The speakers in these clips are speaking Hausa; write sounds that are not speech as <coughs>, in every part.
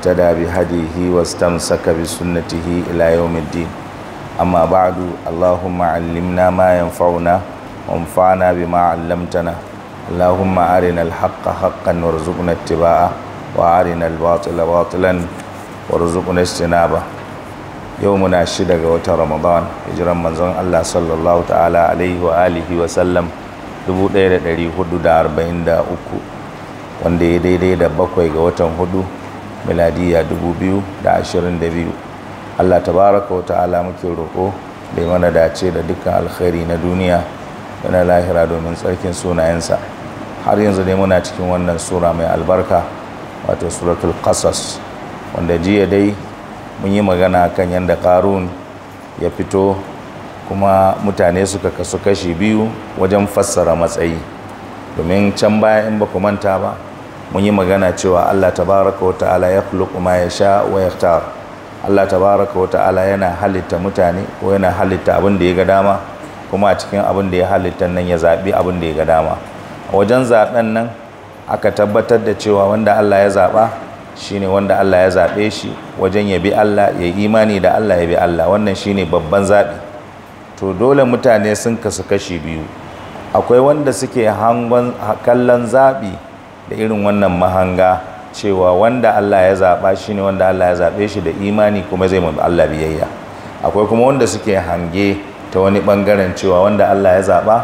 ta da abin haɗe hiwastan sakamakon suna ta fi ilayoyin amma ba'adu allahuma callim na mayan fauna amfana biyu ma can dam tana allahuma adana haƙa tiba'a wa adana watilan warzug na sinaba. yau muna shi daga wata ramadan. hijiran manzon allah sallallahu alaihi wa'alaihi wa sallam. dubu daya da dari hudu da arba'in da uku wanda ya daidai da bakwai ga watan hudu. miladiya 2022 Allah tabaraka wa ta'ala muke roƙo da mana dace da dukkan alkhairi na duniya da na lahira domin tsarkin sunayensa har yanzu dai muna cikin wannan sura mai albarka wato suratul qasas wanda jiya dai mun yi magana kan yadda karun ya fito kuma mutane suka kasu kashi biyu wajen fassara matsayi domin can baya in ba ku manta ba mun yi magana cewa Allah tabaraka wa ta'ala ya khluqu ma yasha wa yakhtar Allah tabaraka wa ta'ala yana halitta mutane ko yana halitta abin da ya ga dama kuma a cikin abin da ya halitta nan ya zabi abin da ya ga dama wajen zaben nan aka tabbatar da cewa wanda Allah ya zaba shine wanda Allah ya zabe shi wajen ya bi Allah ya imani da Allah ya bi Allah wannan shine babban zaɓi. to dole mutane sun kasu kashi biyu akwai wanda suke hangon kallon zaɓi? da irin wannan mahanga cewa wanda Allah ya zaɓa shi ne wanda Allah ya zaɓe shi da imani kuma zai mu Allah biyayya akwai kuma wanda suke hange ta wani ɓangaren cewa wanda Allah ya zaɓa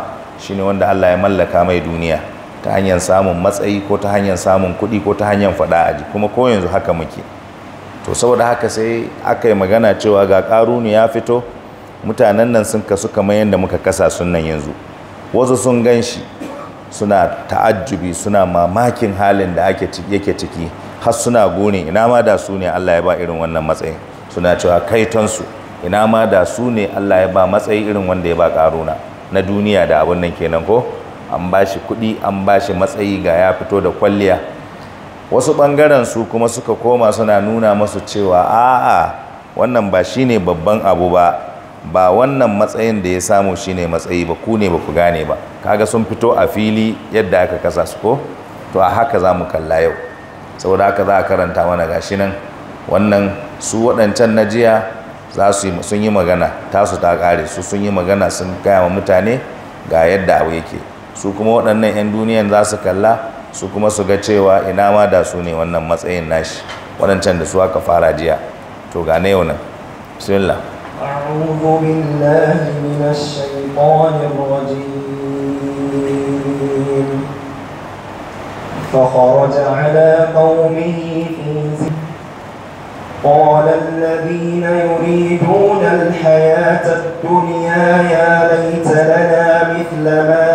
shi ne wanda Allah ya mallaka mai duniya ta hanyar samun matsayi ko ta hanyar samun kuɗi ko ta hanyar faɗa aji kuma ko yanzu haka muke to saboda haka sai aka yi magana cewa ga ƙaruni ya fito mutanen nan sun kasu kamar yadda muka kasa sunan yanzu wasu sun gan shi suna ta'ajjubi suna mamakin halin da yake ciki har suna gone ina ma da su ne Allah ya ba irin wannan matsayin suna cewa kaitonsu ina ma da su ne Allah ya ba matsayi irin wanda ya ba karuna na duniya da abun nan kenan ko an ba shi kuɗi an ba shi matsayi ga ya fito da kwalliya wasu ɓangaren su kuma suka koma suna nuna masu cewa a'a wannan ba shine babban abu ba ba wannan matsayin da ya samu shine matsayi ba ku ne ba ku gane ba kaga sun fito a fili yadda aka kasa su ko to a haka za mu kalla yau saboda haka za a karanta mana gashi nan wannan su waɗancan na jiya za su yi sun yi magana tasu ta ƙare su sun yi magana sun gaya ma mutane ga yadda abu yake su kuma waɗannan 'yan duniyan za su kalla su kuma su ga cewa ina ma da su ne wannan matsayin nashi waɗancan da su aka fara jiya to ga na yau nan bismillah أعوذ بالله من الشيطان الرجيم فخرج على قومه في قال الذين يريدون الحياة الدنيا يا ليت لنا مثل ما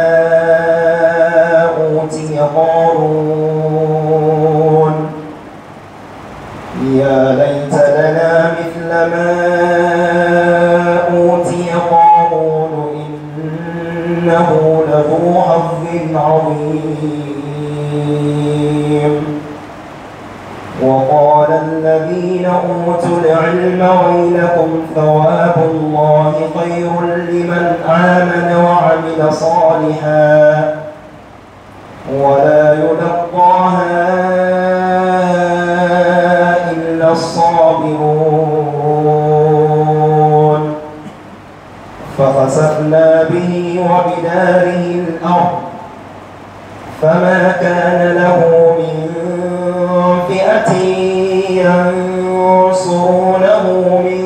أوتي قارون يا ليت لنا مثل ما عظيم وقال الذين أوتوا العلم ويلكم ثواب الله خير لمن آمن وعمل صالحا ولا يلقاها إلا الصابرون فخسفنا به وبداره الأرض فما كان له من فئة ينصرونه من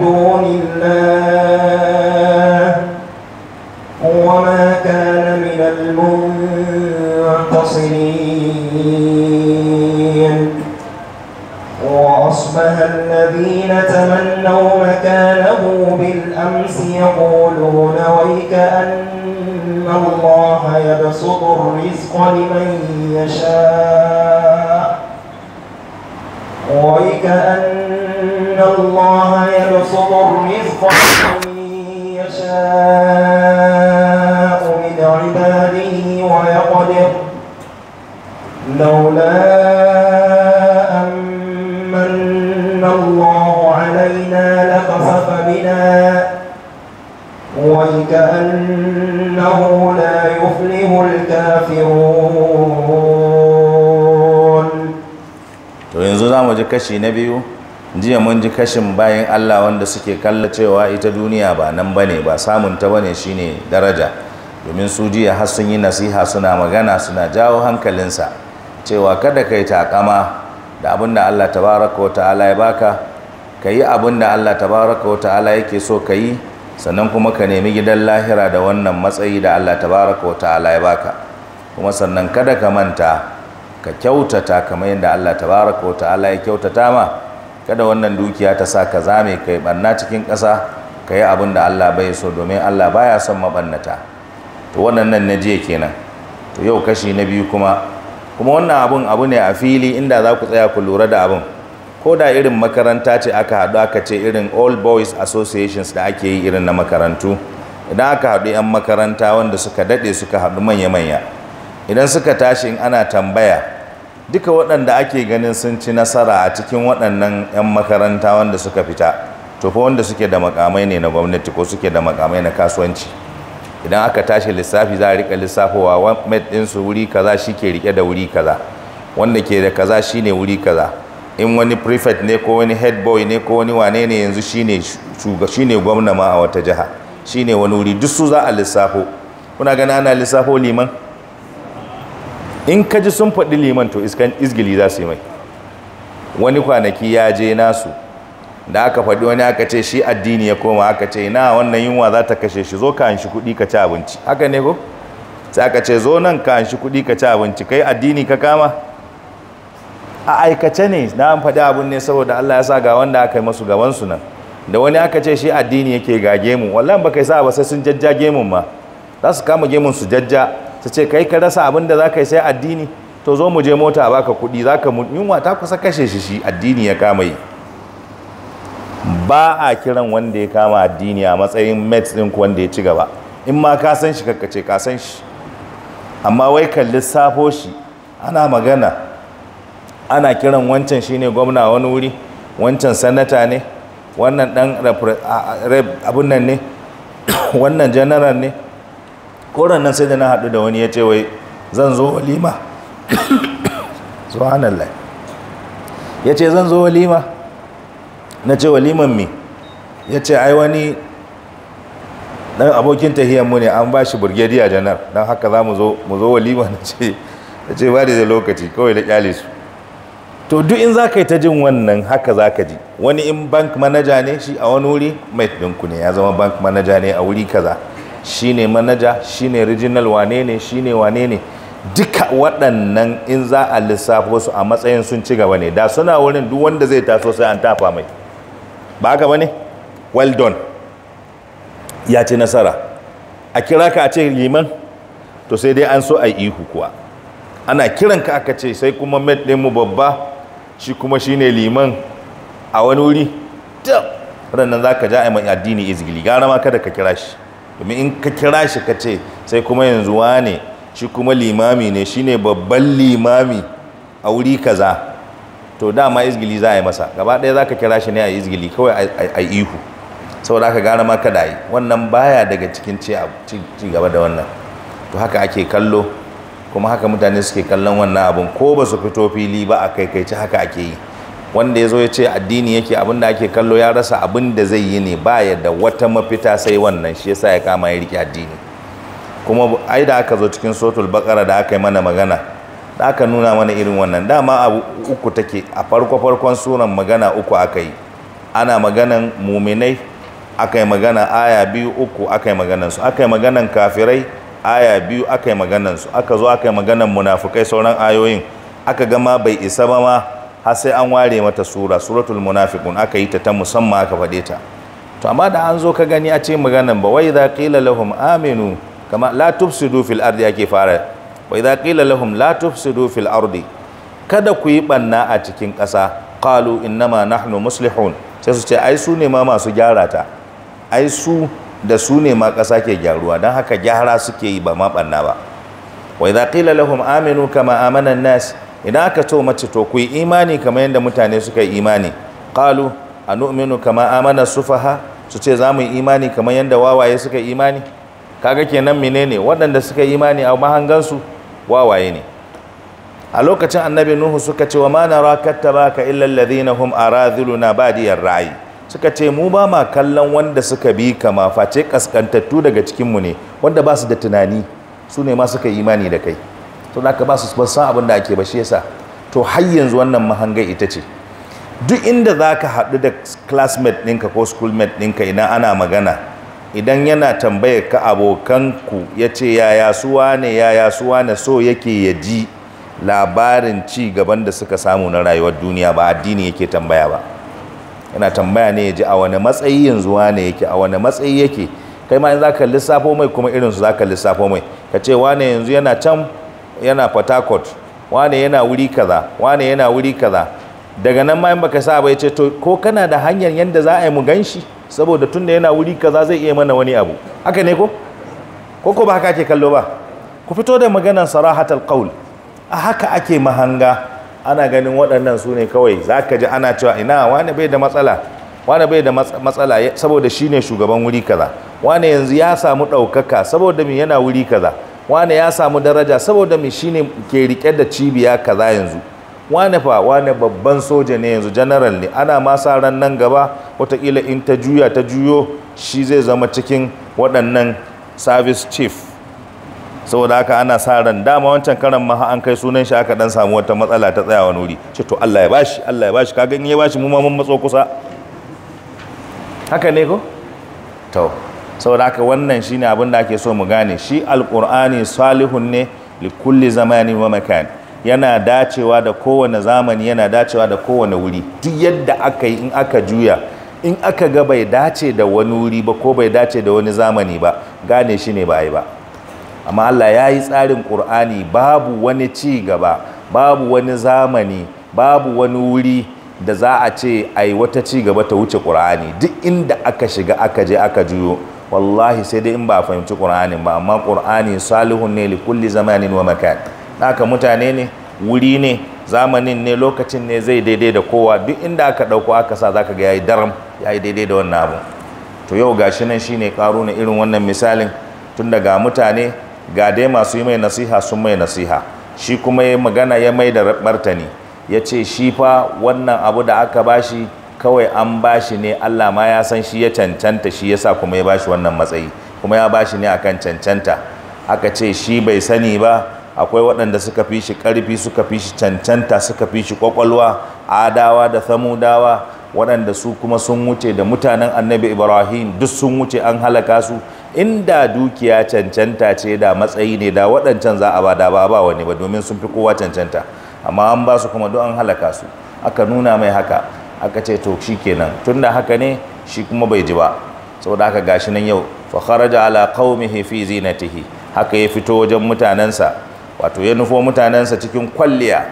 دون الله وما كان من المنتصرين وأصبح الذين تمنوا مكانه بالأمس يقولون ويك أن الله يبسط الرزق لمن يشاء وكأن الله يبسط الرزق لمن يشاء من عباده ويقدر لولا أمن الله علينا لخسف بنا وكأنه الكافرون to yanzu zamu ji kashi na biyu jiya mun ji kashin bayan Allah wanda suke kalla cewa ita duniya ba nan bane ba samun ta bane shine daraja domin su jiya har sun yi nasiha suna magana suna jawo hankalinsa cewa kada kai takama da abin da Allah tabaraka wa ta'ala ya baka ka yi abin da Allah tabaraka wa ta'ala yake so ka yi sannan kuma ka nemi gidan lahira da wannan matsayi da Allah tabaraka wa ta'ala ya baka kuma sannan kada ka manta ka kyautata kamar yadda Allah tabaraka wa ta'ala ya kyautata ma kada wannan dukiya ta sa ka zame kai banna cikin ƙasa ka yi abin da Allah bai so domin Allah baya son mabannata to wannan nan na jiya kenan to yau kashi na biyu kuma kuma wannan abun abu ne a fili inda za ku tsaya ku lura da abin. ko da irin makaranta ce aka haɗu aka ce irin all boys associations da ake yi irin na makarantu idan aka haɗu 'yan makaranta wanda suka daɗe suka haɗu manya-manya idan suka tashi in ana tambaya duka waɗanda ake ganin sun ci nasara a cikin waɗannan 'yan makaranta wanda suka fita to wanda suke da makamai ne na gwamnati ko suke da makamai na kasuwanci idan aka tashi lissafi za a riƙa lissafowa met ɗinsu wuri kaza shi ke riƙe da wuri kaza wanda ke da kaza shi ne wuri kaza in wani prefect ne ko wani head boy ne ko wani wane ne yanzu shine shuga shine gwamna ma a wata jiha shine wani wuri duk su za a lissafo kuna gani ana lissafo liman in ka ji sun faɗi liman to iskan izgili za su yi mai wani kwanaki ya je nasu da aka faɗi wani aka ce shi addini ya koma aka ce na wannan yunwa za ta kashe shi zo ka hanshi kuɗi ka ci abinci haka ne ko sai aka ce zo nan ka hanshi kuɗi ka ci abinci kai addini ka kama a aikace ne na an faɗi abun ne saboda Allah ya sa ga wanda aka yi masu gaban su nan da wani aka ce shi addini yake ga gemu wallahi baka yi sa ba sai sun jajja gemun ma za su kama gemun su jajja su ce kai ka rasa abin da za ka yi sai addini to zo mu je mota baka kuɗi za ka yunwa ta kusa kashe shi shi addini ya kama yi ba a kiran wanda ya kama addini a matsayin mets ɗin wanda ya ci gaba in ma ka san shi kakkace ka san shi amma wai kan lissafo shi ana magana ana kiran wancan shine gwamna wani wuri wancan sanata ne wannan dan abun nan ne <coughs> wannan janaral ne koran nan sai da na haɗu da wani ya ce wai zan zo walima <coughs> subhanallah ya ce zan zo walima na ce waliman mi ya ce ai wani dan abokin mu ne an ba shi burgediya janar don haka za mu zo walima <laughs> na ce ba da lokaci kawai da kyale su to duk in za ka yi ta jin wannan haka za ka ji wani in bank manaja ne shi a wani wuri mai ɗinku ne ya zama bank manaja ne a wuri kaza shi ne manaja shi ne regional wane ne shi ne wane ne duka waɗannan in za a lissafo su a matsayin sun ci gaba ne da suna wurin duk wanda zai taso sai an tafa mai ba haka ba ne well done ya ci nasara a kira ka a ce liman to sai dai an so a ihu kuwa ana kiranka aka ce sai kuma ɗin mu babba shi kuma shine liman a wani wuri rannan za ka ja a mai addini izgili gara ma kada ka kira shi domin in ka kira shi ka ce sai kuma yanzu wane shi kuma limami ne shi ne babban limami a wuri kaza to dama izgili za a yi masa gaba ɗaya za ka kira shi ne a izgili kawai a ihu saboda haka gara ma kada yi wannan baya daga cikin ci gaba da wannan to haka ake kallo kuma haka mutane suke kallon wannan abun ko ba su fito fili ba a kai kaikaici haka ake yi wanda ya zo ya ce addini yake abin da ake kallo ya rasa abin da zai yi ne ba ya da wata mafita sai wannan shi yasa ya kama ya rike addini kuma ai da aka zo cikin sotul bakara da aka yi mana magana da aka nuna mana irin wannan dama abu uku take a farko farkon suran magana uku aka yi ana maganan muminai aka yi magana aya biyu uku aka yi maganan aka yi maganan kafirai aya biyu aka yi maganansu aka zo aka yi maganan munafukai sauran ayoyin aka gama bai isa ba ma har sai an ware mata sura suratul munafiqun aka yi ta ta musamman aka faɗe ta to amma da an zo ka gani a ce maganan ba wai za qila lahum aminu kama la tufsidu fil ardi ake fara wai za qila lahum la tufsidu fil ardi kada ku yi banna a cikin ƙasa qalu innama nahnu muslihun sai su ce ai su ne ma masu gyara ta ai su da su ne ma ƙasa ke gyaruwa don haka gyara suke yi ba ma ɓanna ba Wai za ƙila lahum aminu kama Amanan nas idan aka to mace to ku yi imani kamar yadda mutane suka yi imani Ƙalu, a anu'minu kama amana sufaha su ce za mu yi imani kamar yadda wawaye suka yi imani kaga kenan ne waɗanda suka yi imani a mahangansu wawaye ne a lokacin annabi nuhu suka ce wa ma nara kattabaka illa alladhina hum aradhiluna badiyar ra'ayi? suka ce mu ba ma kallon wanda suka bi kama face kaskantattu daga cikinmu ne wanda ba su da tunani su ne ma suka yi imani da kai to da ka ba su san abin da ake ba shi yasa to har yanzu wannan mahangai ita ce duk inda za ka haɗu da classmate ɗinka ko schoolmate ɗinka idan ana magana idan yana tambayar ka abokanku ya ce yaya su ne yaya su ne so yake ya ji labarin ci gaban da suka samu na rayuwar duniya ba addini yake tambaya ba yana tambaya ne ya ji a wani matsayi yanzu wane yake a wani matsayi yake kai ma in za ka lissafo mai kuma irin su za ka lissafo mai ka ce wane yanzu yana can yana port wane yana wuri kaza wane yana wuri kaza daga nan ma in baka sa bai ce to ko kana da hanyar yanda za a yi mu gan shi saboda tunda yana wuri kaza zai iya mana wani abu haka ne ko ko ko ba haka ake kallo ba ku fito da maganar sarahatal qaul a haka ake mahanga ana ganin waɗannan su ne kawai za ka ji ana cewa ina wani bai da matsala wani bai da matsala saboda shi ne shugaban wuri kaza wane yanzu ya samu ɗaukaka saboda mi yana wuri kaza wane ya samu daraja saboda mi shi ne ke riƙe da cibiya kaza yanzu wani fa wani babban soja ne yanzu janaral ne ana ma sa ran nan gaba wataƙila in ta juya ta juyo shi zai zama cikin waɗannan service chief saboda haka ana sa ran dama wancan karan ma an kai sunan shi aka dan samu wata matsala ta tsayawa nuri ce to Allah ya bashi Allah ya bashi kaga in ya bashi mu ma mun matso kusa haka ne ko to saboda haka wannan shine abin da ake so mu gane shi alqur'ani salihun ne li kulli zamani wa makan yana dacewa da kowane zamani yana dacewa da kowane wuri duk yadda aka yi in aka juya in aka ga bai dace da wani wuri ba ko bai dace da wani zamani ba gane shi ne ba yi ba amma Allah ya yi tsarin ƙur'ani babu wani ci gaba babu wani zamani babu wani wuri da za a ce ai wata ci gaba ta wuce ƙur'ani duk inda aka shiga aka je aka juyo wallahi sai dai in ba fahimci ƙur'anin ba amma ƙur'ani salihun ne li kulli zamanin wa makan haka mutane ne wuri ne zamanin ne lokacin ne zai daidai da kowa duk inda aka ɗauko aka sa zaka ga yayi daram yayi daidai da wannan abu to yau gashi nan shine ƙaro na irin wannan misalin tun daga mutane ga dai masu yi mai nasiha sun mai nasiha shi kuma ya magana ya mai da martani ya ce shi fa wannan abu da aka bashi kawai an bashi ne Allah ma ya san shi ya cancanta shi ya sa kuma ya bashi wannan matsayi kuma ya bashi ne akan cancanta aka ce shi bai sani ba akwai waɗanda suka fi shi ƙarfi suka fi shi cancanta suka fi shi ƙwaƙwalwa adawa da samudawa waɗanda su kuma sun wuce da mutanen annabi ibrahim duk sun wuce an halaka su inda dukiya cancanta ce da matsayi ne da waɗancan za a ba da ba ba wani ba domin sun fi kowa cancanta amma an ba su kuma don an halaka su aka nuna mai haka aka ce to shi tun da haka ne shi kuma bai ji ba saboda haka gashi nan yau fa kharaja ala qaumihi fi zinatihi haka ya fito wajen mutanensa wato ya nufo mutanensa cikin kwalliya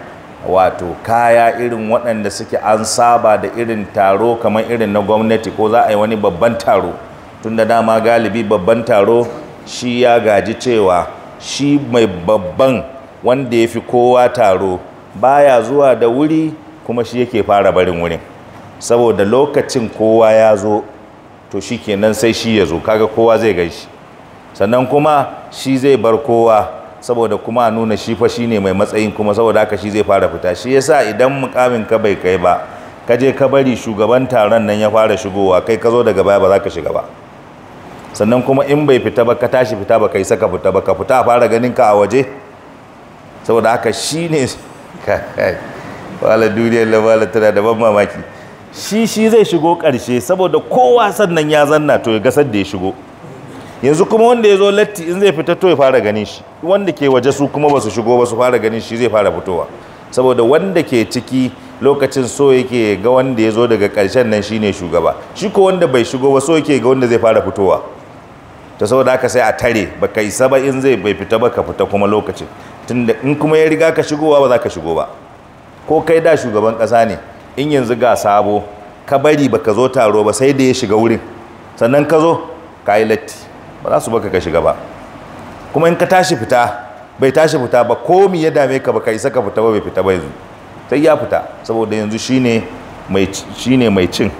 wato kaya irin waɗanda suke an saba da irin taro kamar irin na gwamnati ko za a yi wani babban taro tunda da dama galibi babban taro shi ya gaji cewa shi mai babban wanda ya fi kowa taro baya zuwa da wuri kuma shi yake fara barin wurin saboda lokacin kowa ya zo to shi kenan sai shi ya zo kaga kowa zai shi sannan kuma shi zai bar kowa saboda kuma a nuna shi fa ne mai matsayin kuma saboda haka shi zai fara fita shi yasa idan mukamin ka bai kai ba ka je ka bari shugaban taron nan ya fara shigowa kai ka zo daga baya ba za ka shiga ba sannan kuma in bai fita ba ka tashi fita ba kai saka fita ba ka fita a fara ganin ka a waje saboda haka shi ne <laughs> wala duniyar wala tana da ban mamaki shi shi zai shigo karshe saboda kowa sannan ya zanna to ya gasar da ya shigo yanzu kuma wanda ya zo latti in zai fita to ya fara ganin shi wanda ke waje su kuma ba su shigo ba su fara ganin shi zai fara fitowa saboda wanda ke ciki lokacin so yake ga wanda ya zo daga karshen nan shi ne shugaba shi ko wanda bai shigo ba so yake ga wanda zai fara fitowa ta saboda haka sai a tare ba kai saba in zai bai fita ba ka fita kuma lokacin tunda in kuma ya riga ka shigo ba za ka shigo ba ko kai da shugaban kasa ne in yanzu ga sabo ka bari baka zo taro ba sai da ya shiga wurin sannan ka zo ka yi latti ba za su baka ka shiga ba kuma in ka tashi fita bai tashi fita ba ko mi ya dame ka ba ka isa ka fita ba bai fita ba yanzu sai ya fita saboda yanzu shine mai mai cin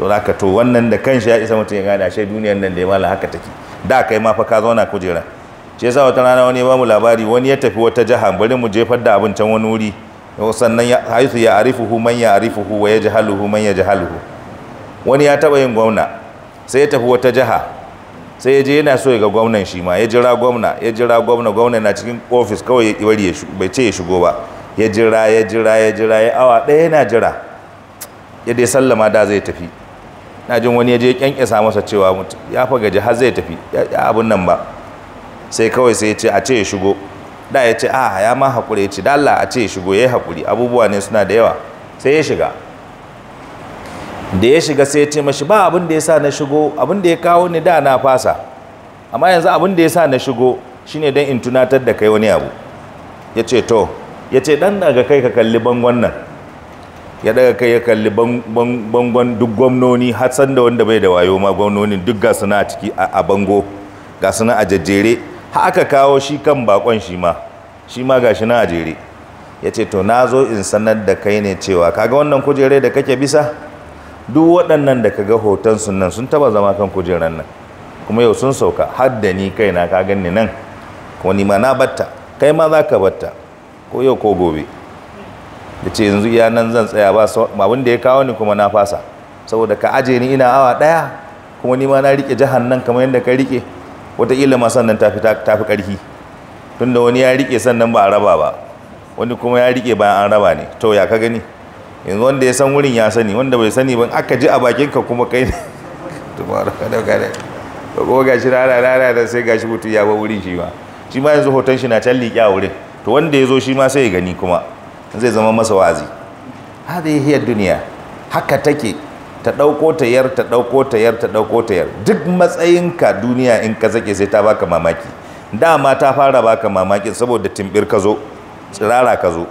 to ka to wannan da kanshi ya isa mutum ya gane ashe duniyar nan da ya mala haka take da kai ma fa ka zauna kujera shi yasa wata rana wani ya bamu labari wani ya tafi wata jaha bari mu jefar da abincin wani wuri sannan haisu ya arifuhu man ya arifuhu wa yajhaluhu man yajhaluhu wani ya taba yin gwamna sai ya tafi wata jaha sai ya je yana so ya ga gwamnan shi ma ya jira gwamna ya jira gwamna gwamna na cikin ofis kawai ya bari ya bai ce ya shigo ba ya jira ya jira ya jira ya awa ɗaya yana jira ya dai sallama da zai tafi na jin wani ya je kyankyasa masa cewa ya faga jihar har zai tafi ya abun nan ba sai kawai sai ya ce a ce ya shigo da ya ce a ah, ya ma haƙuri ya ce dala a ce ya shigo ya yi haƙuri abubuwa ne suna da yawa sai ya shiga da ya shiga sai ya ce mashi ba abin da ya sa na shigo abin da ya kawo ni da na fasa amma yanzu abin da ya sa na shigo shine don in tunatar da kai wani abu ya ce to ya ce dan daga kai ka kalli bangon nan ya daga kai ya kalli bangon duk gwamnoni hatsan da wanda bai da wayo ma gwamnonin duk ga suna a ciki a bango ga suna a jajjere har aka kawo shi kan bakon shi ma shi ma ga shi na a jere ya ce to na zo in sanar da kai ne cewa kaga wannan kujere da kake bisa duk waɗannan da kaga hoton sun nan sun taba zama kan kujerar nan kuma yau sun sauka har da ni kaina ka ganni nan ko ni ma na batta kai ma za ka batta ko yau ko gobe da ce yanzu iya nan zan tsaya ba abin da ya kawo ni kuma na fasa saboda ka aje ni ina awa ɗaya kuma ni ma na riƙe nan kamar yadda ka riƙe wataƙila ma sannan ta fi ƙarfi da wani ya riƙe sannan ba a raba ba wani kuma ya riƙe bayan an raba ne to ya ka gani yanzu wanda ya san wurin ya sani wanda bai sani ban aka ji a bakinka kuma kai ne <laughs> tumara da ne ba ko gashi rara rara da sai gashi mutum ya ba wurin shi ma shi ma yanzu hoton shi na can liƙe a wurin to wanda ya zo shi ma sai ya gani kuma zai zama masa wazi hada duniya haka take ta ɗauko ta yar ta dauko ta yar ta dauko ta yar duk matsayinka duniya in ka zake sai ta baka mamaki dama ta fara baka mamaki saboda timbir ka zo tsirara ka zo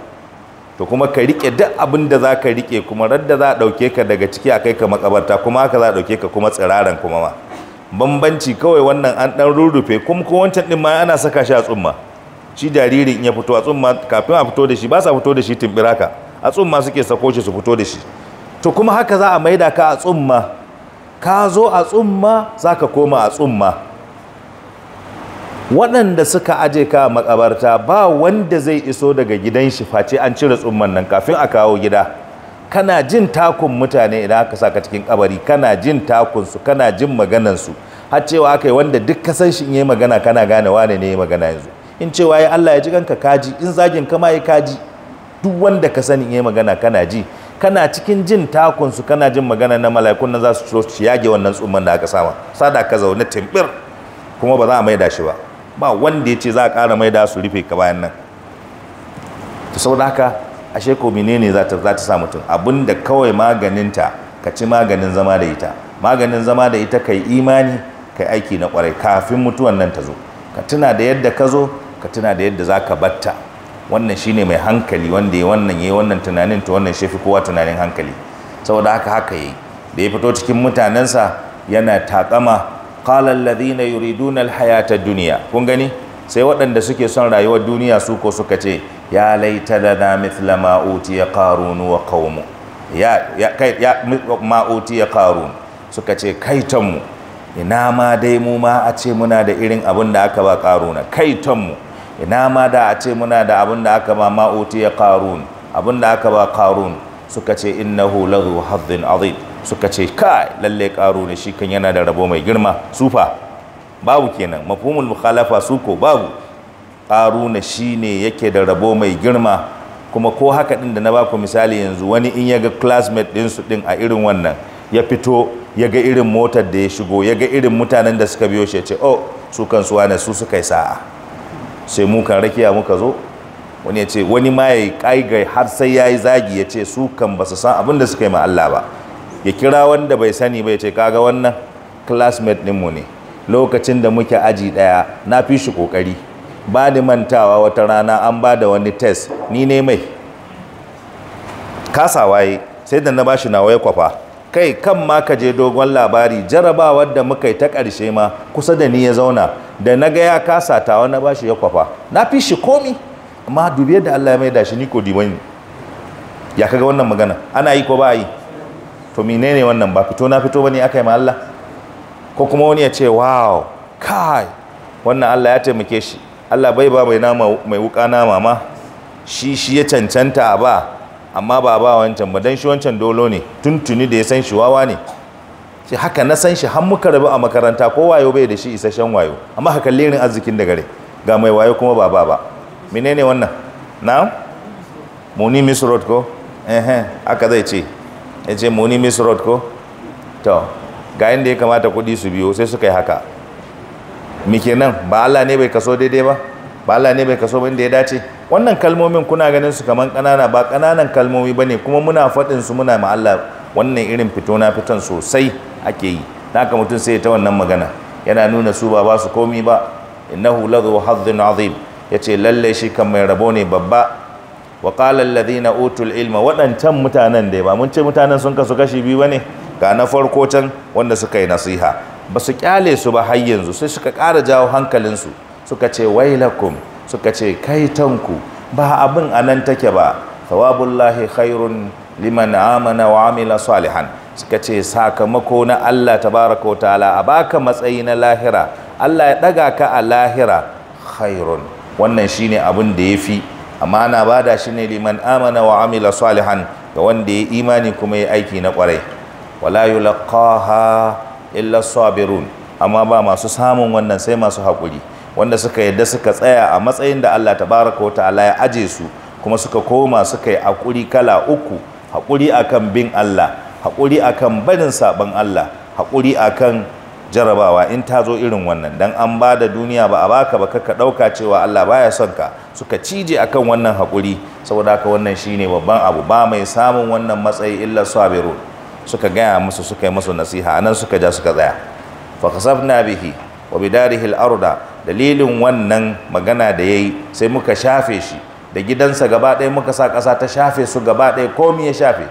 to kuma ka rike duk abin da za ka rike kuma radda za a ɗauke ka daga ciki a kai ka makabarta kuma haka za a ɗauke ka kuma tsiraran kuma ma bambanci kawai wannan an ɗan rurrufe kuma ko wancan ɗin ma ana saka shi a tsumma shi jaririn in ya fito a tsumma kafin a fito da shi ba sa fito da shi timbiraka a tsumma suke sako shi su fito da shi to kuma haka za a maida ka a tsumma ka zo a tsumma za ka koma a tsumma waɗanda suka aje ka makabarta ba wanda zai iso daga gidan shi face an cire tsumman nan kafin a kawo gida kana jin takun mutane idan aka ka cikin kabari kana jin takunsu kana jin maganansu har cewa aka yi wanda duk ka san shi in yi magana kana gane wane ne ya magana yanzu in cewa ya Allah ya ji kanka kaji in zagin kama ya kaji duk wanda ka sani ya magana kana ji kana cikin jin takun su kana jin magana na mala'ikun nan za su so su yage wannan tsumman da aka sama sada ka zaune timbir kuma ba za a maida shi ba ba wanda ya ce za a ƙara maida su rufe ka bayan nan to saboda haka ashe ko menene za ta za ta sa mutum abinda kawai maganinta ka ci maganin zama da ita maganin zama da ita kai imani kai aiki na kwarai kafin mutuwan nan ta zo ka tuna da yadda ka zo ka tuna da yadda zaka batta wannan shine mai hankali wanda ya wannan yayi wannan tunanin to wannan shefi kowa tunanin hankali saboda haka haka yayi da ya fito cikin mutanensa yana taƙama. na qala alladhina yuriduna alhayata duniya. kun gani sai waɗanda suke son rayuwar duniya su ko suka ce ya laita lana mithla ma utiya qarun wa qaumu ya ya kai ya ma utiya suka ce kaitanmu ina ma dai mu ma a ce muna da irin abin da aka ba qaruna kaitanmu ina ma da a ce muna da abin da aka ba ma'uti ya karun abin da aka ba karun suka ce innahu lahu haddin azim suka ce kai lalle ne shi kan yana da rabo mai girma sufa babu kenan mafhumul mukhalafa su ko babu shi shine yake da rabo mai girma kuma ko haka din da na baku misali yanzu wani in ya ga classmate su din a irin wannan ya fito ya ga irin motar da ya shigo ya ga irin mutanen da suka biyo shi ya ce oh su su wane su suka yi sa'a sai mu kan rakiya muka zo wani ya ce wani ma ya kaigai har sai ya yi zagi ya ce su kan ba su san abin da suka yi ma Allah ba ya kira wanda bai sani ba ya ce kaga wannan classmate ɗinmu ne lokacin da muke aji ɗaya na fi shi ƙoƙari ba ni mantawa wata rana an ba da wani test ni ne mai waye, sai da na ba shi nawa ya kwafa kai kan ma ka je dogon labari jarabawar da muka yi ta ƙarshe ma kusa da ni ya zauna da na ga ya kasa tawa na bashi ya kwafa na fi shi komi amma dubi yadda Allah ya mai da shi ni ko dimani ya kaga wannan magana ana yi ko ba yi to menene wannan ba fito na fito bane aka yi ma Allah ko kuma wani ya ce wow kai wannan Allah ya taimake shi Allah bai ba mai nama mai wuka nama ma shi shi ya cancanta a ba amma ba ba wancan ba dan shi wancan dolo ne tuntuni da ya san shi wawa ne shi haka na san shi har muka rabu a makaranta ko wayo bai da shi isasshen wayo amma haka lerin arzikin da gare ga mai wayo kuma ba ba ba menene wannan na muni miss road ko eh aka zai ce ya ce muni miss road ko to ga inda ya kamata kuɗi su biyo sai suka yi haka mike nan ba Allah ne bai kaso daidai ba ba Allah ne bai kaso ba inda ya dace wannan kalmomin kuna ganin su kaman kanana ba kananan kalmomi bane kuma muna faɗin su muna ma Allah wannan irin fito na fitan sosai ake yi haka mutum sai ta wannan magana yana nuna su ba ba su komi ba innahu ladhu hadhin azim yace lalle shi kan mai rabo ne babba wa qala alladhina utul ilma wadancan mutanen da ba mun ce mutanen sun kasu kashi biyu bane ga na farko can wanda suka yi nasiha ba su kyale su ba har yanzu sai suka ƙara jawo hankalinsu suka ce wailakum suka ce kaitanku ba abin anan take ba thawabullahi khairun liman amana wa amila salihan suka ce sakamako na Allah tabaraka wa ta'ala a baka matsayi na lahira Allah ya daga ka a lahira khairun wannan shine abin da yafi amma ana bada shi ne liman amana wa amila salihan ga wanda ya imani kuma ya aiki na kwarai wala yulqaha illa sabirun amma ba masu samun wannan sai masu hakuri wanda suka yadda suka tsaya a matsayin da Allah ta tabaraka wa ta'ala ya aje su kuma suka koma suka yi hakuri kala uku hakuri akan bin Allah hakuri akan barin sabon Allah hakuri akan jarabawa in ta zo irin wannan dan an ba da duniya ba a baka ba kaka ɗauka cewa Allah baya son ka suka cije akan wannan hakuri saboda haka wannan shine babban abu ba mai samun wannan matsayi illa sabiru suka gaya musu suka yi musu nasiha nan suka ja suka tsaya fa kasafna bihi wa bidarihil arda dalilin wannan magana da yayi sai muka shafe shi da gidansa gaba ɗaya muka sa ƙasa ta shafe su gaba ɗaya komi ya shafe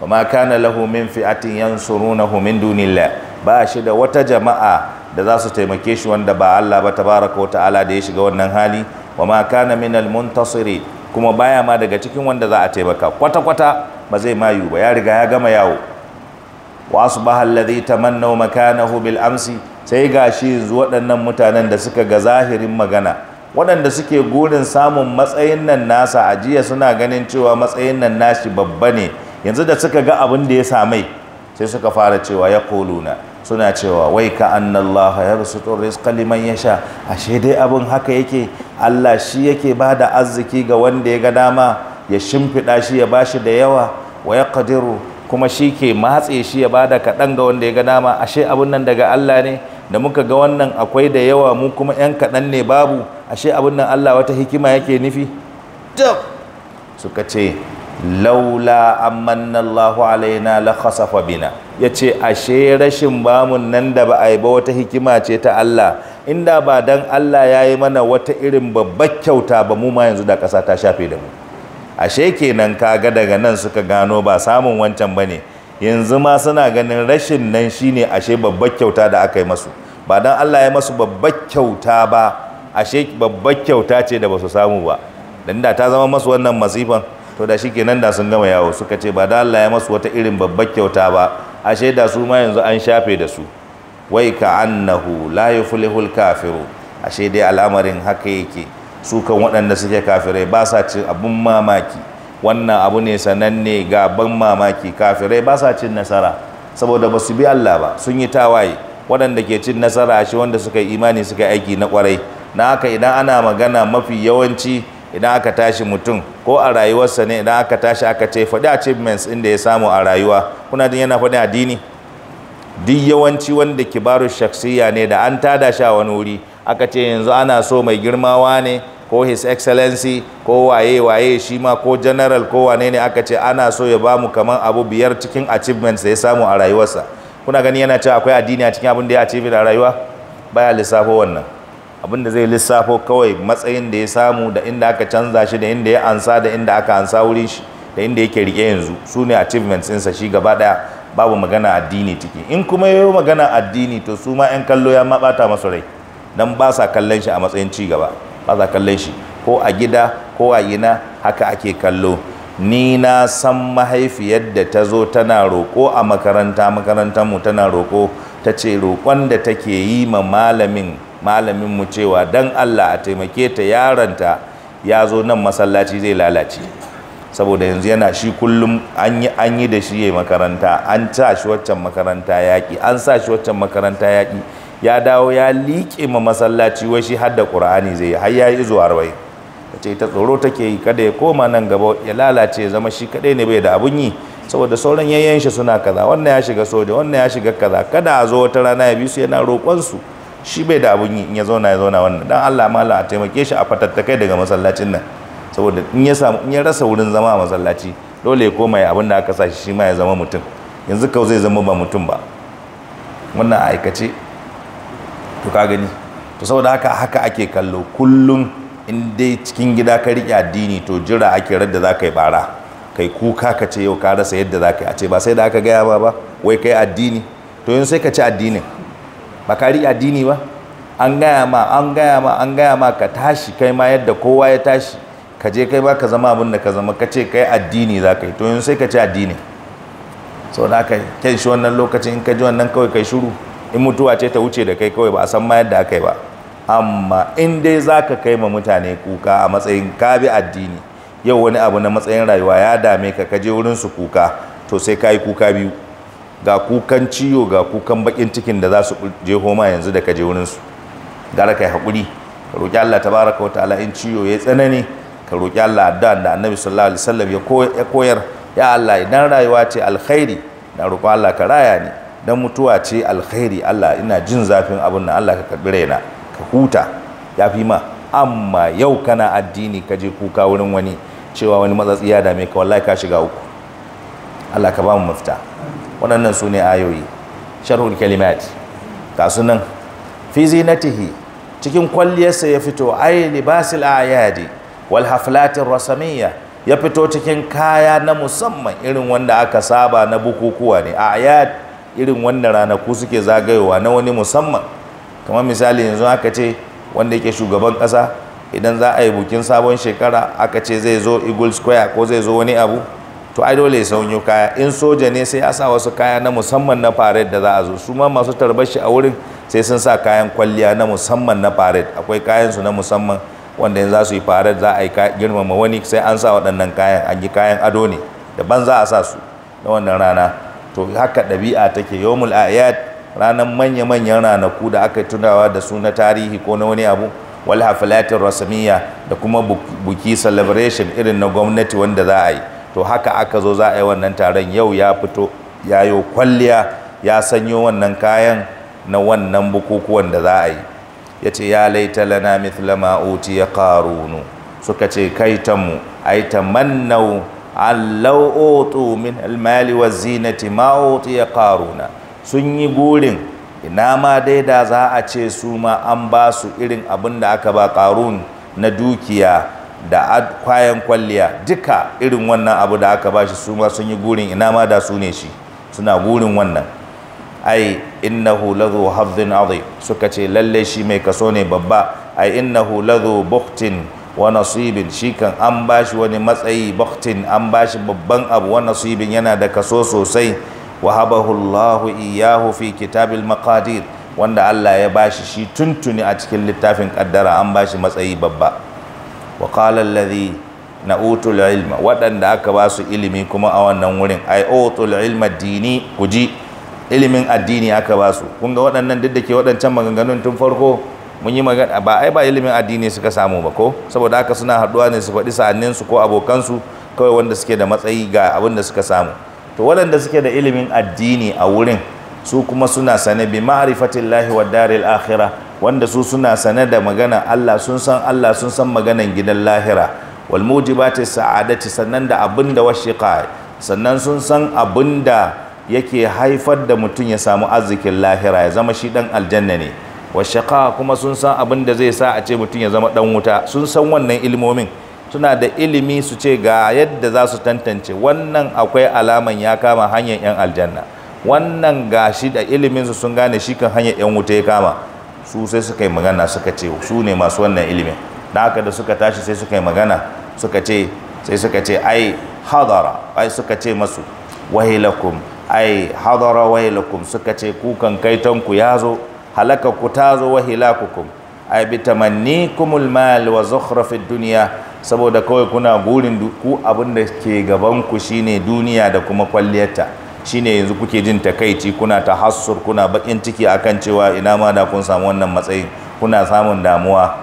wa kana lahu min fi'atin yansurunahu min dunillah ba shi da wata jama'a da za su taimake shi wanda ba Allah ba tabaraka wa ta'ala da ya shiga wannan hali wa ma kana min almuntasiri kuma baya ma daga cikin wanda za a taimaka kwata kwata ba zai mayu ba ya riga ya gama yawo wa asbaha alladhi tamannaw makanahu bil amsi sai ga gashi waɗannan mutanen da suka ga zahirin magana waɗanda suke gurin samun matsayin nan nasa ajiya suna ganin cewa matsayin nan nashi babba ne yanzu da suka ga abin da ya samai sai suka fara cewa ya koluna suna cewa wai ka laha ya rusutu rizqa liman yasha ashe dai abin haka yake Allah shi yake bada arziki ga wanda ya ga dama ya shimfiɗa shi ya bashi da yawa wa yaqdiru kuma shi ke matse shi ya bada kaɗan ga wanda ya ga dama ashe abun nan daga Allah ne da muka ga wannan akwai da yawa mu kuma 'yan kaɗan ne babu ashe abun nan Allah wata hikima yake nufi suka ce laula amanna Allahu alaina la khasafa bina yace ashe rashin bamun nan da ba a yi ba wata hikima ce ta Allah inda ba dan Allah ya yi mana wata irin babbar kyauta ba mu ma yanzu da ƙasa ta shafe da mu ashe kenan kaga daga nan suka gano ba samun wancan bane yanzu ma suna ganin rashin nan shine ashe babbar kyauta da aka yi masu ba dan Allah ya masu babbar kyauta ba ashe babbar kyauta ce da basu samu ba dan da ta zama masu wannan masifan to da shikenan da sun gama yawo suka ce ba dan Allah ya masu wata irin babbar kyauta ba ashe da su ma yanzu an shafe da su wai ka annahu la yuflihul kafiru ashe dai al'amarin haka yake su kan waɗanda suke kafirai ba sa cin abun mamaki wannan abu ne sananne ga ban mamaki kafirai ba sa cin nasara saboda ba su bi Allah ba sun yi tawaye waɗanda ke cin nasara shi wanda suka yi imani suka aiki na kwarai na haka idan ana magana mafi yawanci idan aka tashi mutum ko a rayuwarsa ne idan aka tashi aka ce faɗi achievements da ya samu a rayuwa kuna jin yana faɗi addini duk yawanci wanda kibaru shaksiya ne da an tada shi a wani wuri aka ce yanzu ana so mai girmawa ne ko his excellency ko waye waye shi ma ko general ko wane ne aka ce ana so ya bamu kamar abu biyar cikin achievements da ya samu a rayuwarsa kuna gani yana cewa akwai addini a cikin abin da ya achieve a rayuwa baya lissafo wannan abin da zai lissafo kawai matsayin da ya samu da inda aka canza shi da inda ya ansa da inda aka ansa wurin shi da inda yake rike yanzu su ne achievements ɗinsa shi gaba daya babu magana addini ciki in kuma yayo magana addini to su ma 'yan kallo ya maɓata masu rai dan ba sa kallon shi a matsayin ci gaba ba sa kallon shi ko a gida ko a yina haka ake kallo ni na san mahaifiyar da ta zo tana roƙo a makaranta makarantar mu tana roƙo ta ce roƙon da take yi ma malamin malamin mu cewa dan Allah a taimake ta yaranta ya zo nan masallaci zai lalace saboda yanzu yana shi kullum an yi an yi da shi ya makaranta an sa shi waccan makaranta yaƙi an sa shi waccan makaranta yaƙi ya dawo ya liƙe ma masallaci wai shi hadda ƙur'ani zai yi har ya yi zuwa arwai ta ce ta tsoro take yi kada ya koma nan gaba ya lalace zama shi kaɗai ne bai da abun yi saboda sauran yayyan shi suna kaza wannan ya shiga soja wannan ya shiga kaza kada a zo wata rana ya bi su yana roƙon su shi bai da abun yi in ya zauna ya zauna wannan dan Allah mala a taimake shi a fatattakai daga masallacin nan saboda in ya samu in ya rasa wurin zama a masallaci dole ya koma ya abin da aka sa shi ma ya zama mutum yanzu kawai zai zama ba mutum ba wannan aikace to ka gani to saboda haka haka ake kallo kullum in dai cikin gida ka riƙe addini to jira ake radda za ka yi bara kai kuka ka ce yau ka rasa yadda za ka yi a ce ba sai da aka gaya ba ba wai kai addini to yin sai ka ci addinin ba ka riƙe addini ba an gaya ma an gaya ma an gaya ma ka tashi kai ma yadda kowa ya tashi ka je kai ba ka zama abin da ka zama ka ce kai addini za ka yi to yin sai ka ci addini sau da aka kyan shi wannan lokacin in ka ji wannan kawai kai shuru in mutuwa ce ta wuce da kai kawai ba a san ma yadda aka yi ba amma in dai za ka kai ma mutane kuka a matsayin ka bi addini yau wani abu na matsayin rayuwa ya dame ka ka je wurin su kuka to sai ka yi kuka biyu ga kukan ciwo ga kukan bakin cikin da za su je homa yanzu da kaje je wurin su gara kai hakuri ka roki Allah tabaraka wataala in ciwo ya tsanani ka roki Allah addu'a da Annabi sallallahu alaihi wasallam ya koyar ya Allah idan rayuwa ce alkhairi na roƙo Allah ka raya ni dan mutuwa ce alkhairi Allah ina jin zafin abin nan Allah ka karbi raina ka huta ya fi ma amma yau kana addini ka je kuka wurin wani cewa wani matsatsi ya dame ka wallahi ka shiga uku Allah ka ba mu mafita waɗannan su ayoyi sharhul kalimat ga su nan fi zinatihi cikin kwalliyarsa ya fito ay libasil ayadi wal haflatir rasamiyya ya fito cikin kaya na musamman irin wanda aka saba na bukukuwa ne ayat irin wannan ranaku suke zagayowa na wani musamman kamar misali yanzu aka ce wanda yake shugaban kasa idan za a yi bukin sabon shekara aka ce zai zo eagle square ko zai zo wani abu to ai dole ya sanyo kaya in soja ne sai a sa wasu kaya na musamman na parade da za a zo su ma masu tarbar shi a wurin sai sun sa kayan kwalliya na musamman na parade akwai kayan su na musamman wanda yanzu za su yi parade za a yi girmama wani sai an sa waɗannan kayan an yi kayan ado ne daban za a sa su na wannan rana to haka ɗabi'a take Yomul ayat ranar manya-manyan ranaku da aka tunawa da su na tarihi ko na wani abu wal hafalatin rasmiya da kuma buki celebration irin na gwamnati wanda za a yi to haka aka zo za a yi wannan taron yau ya fito ya yi kwalliya ya sanyo wannan kayan na wannan bukukuwan da za a yi ya ce ya laita lana mithla ma ya karunu suka ce kaitanmu ai manna'u. allau otu min almali wa zinati ma ya karuna sun yi gurin ina ma dai da za a ce su ma an ba su irin abin da aka ba karun na dukiya da kwayan kwalliya duka irin wannan abu da aka ba shi su ma sun yi gurin ina ma da su ne shi suna gurin wannan ai innahu lazo hafdin azim suka ce lalle shi mai kaso ne babba ai innahu lazo buhtin wa nasibin shi kan an bashi wani matsayi baktin an bashi babban abu wa nasibin yana da kaso sosai wa iyyahu iyahu fi kitabil maqadir wanda Allah ya bashi shi tuntuni a cikin littafin kaddara an bashi matsayi babba wa qala alladhi na'utul ilma waɗanda aka ba su ilimi kuma a wannan wurin ai utul ilma dini kuji ilimin addini aka ba su kun ga waɗannan duk da ke waɗancan maganganun tun farko mun yi magana ba ai ba ilimin addini suka samu ba ko saboda haka suna haɗuwa ne su faɗi sa'annin su ko abokansu kawai wanda suke da matsayi ga abin da suka samu to waɗanda suke da ilimin addini a wurin su kuma suna sane bi ma'rifatillahi wa daril akhirah wanda su suna sane da magana Allah sun san Allah sun san maganan gidan lahira wal mujibati sa'adati sannan da abin da washiqa sannan sun san abin yake haifar da mutum ya samu arzikin lahira ya zama shi dan aljanna ne washaka kuma sun san abin da zai sa a ce mutum ya zama dan wuta sun san wannan ilimomin suna da ilimi su ce ga yadda za su tantance wannan akwai alaman ya kama hanyar yan aljanna wannan gashi da ilimin su sun gane shi kan hanyar yan wuta ya kama su sai suka yi magana suka ce su ne masu wannan ilimin da haka da suka tashi sai suka yi magana suka ce sai suka ce ai hadara ai suka ce masu wahilakum ai hadara wahilakum suka ce kukan kaitanku ya zo halaka ku ta zo wa hilakukum ay bi mal wa zukhrafid dunya saboda kawai kuna gurin ku abin da ke gaban ku shine duniya da kuma kwalliyarta shine yanzu kuke jin takaici kuna tahassur kuna bakin ciki akan cewa ina ma da kun samu wannan matsayin kuna samun damuwa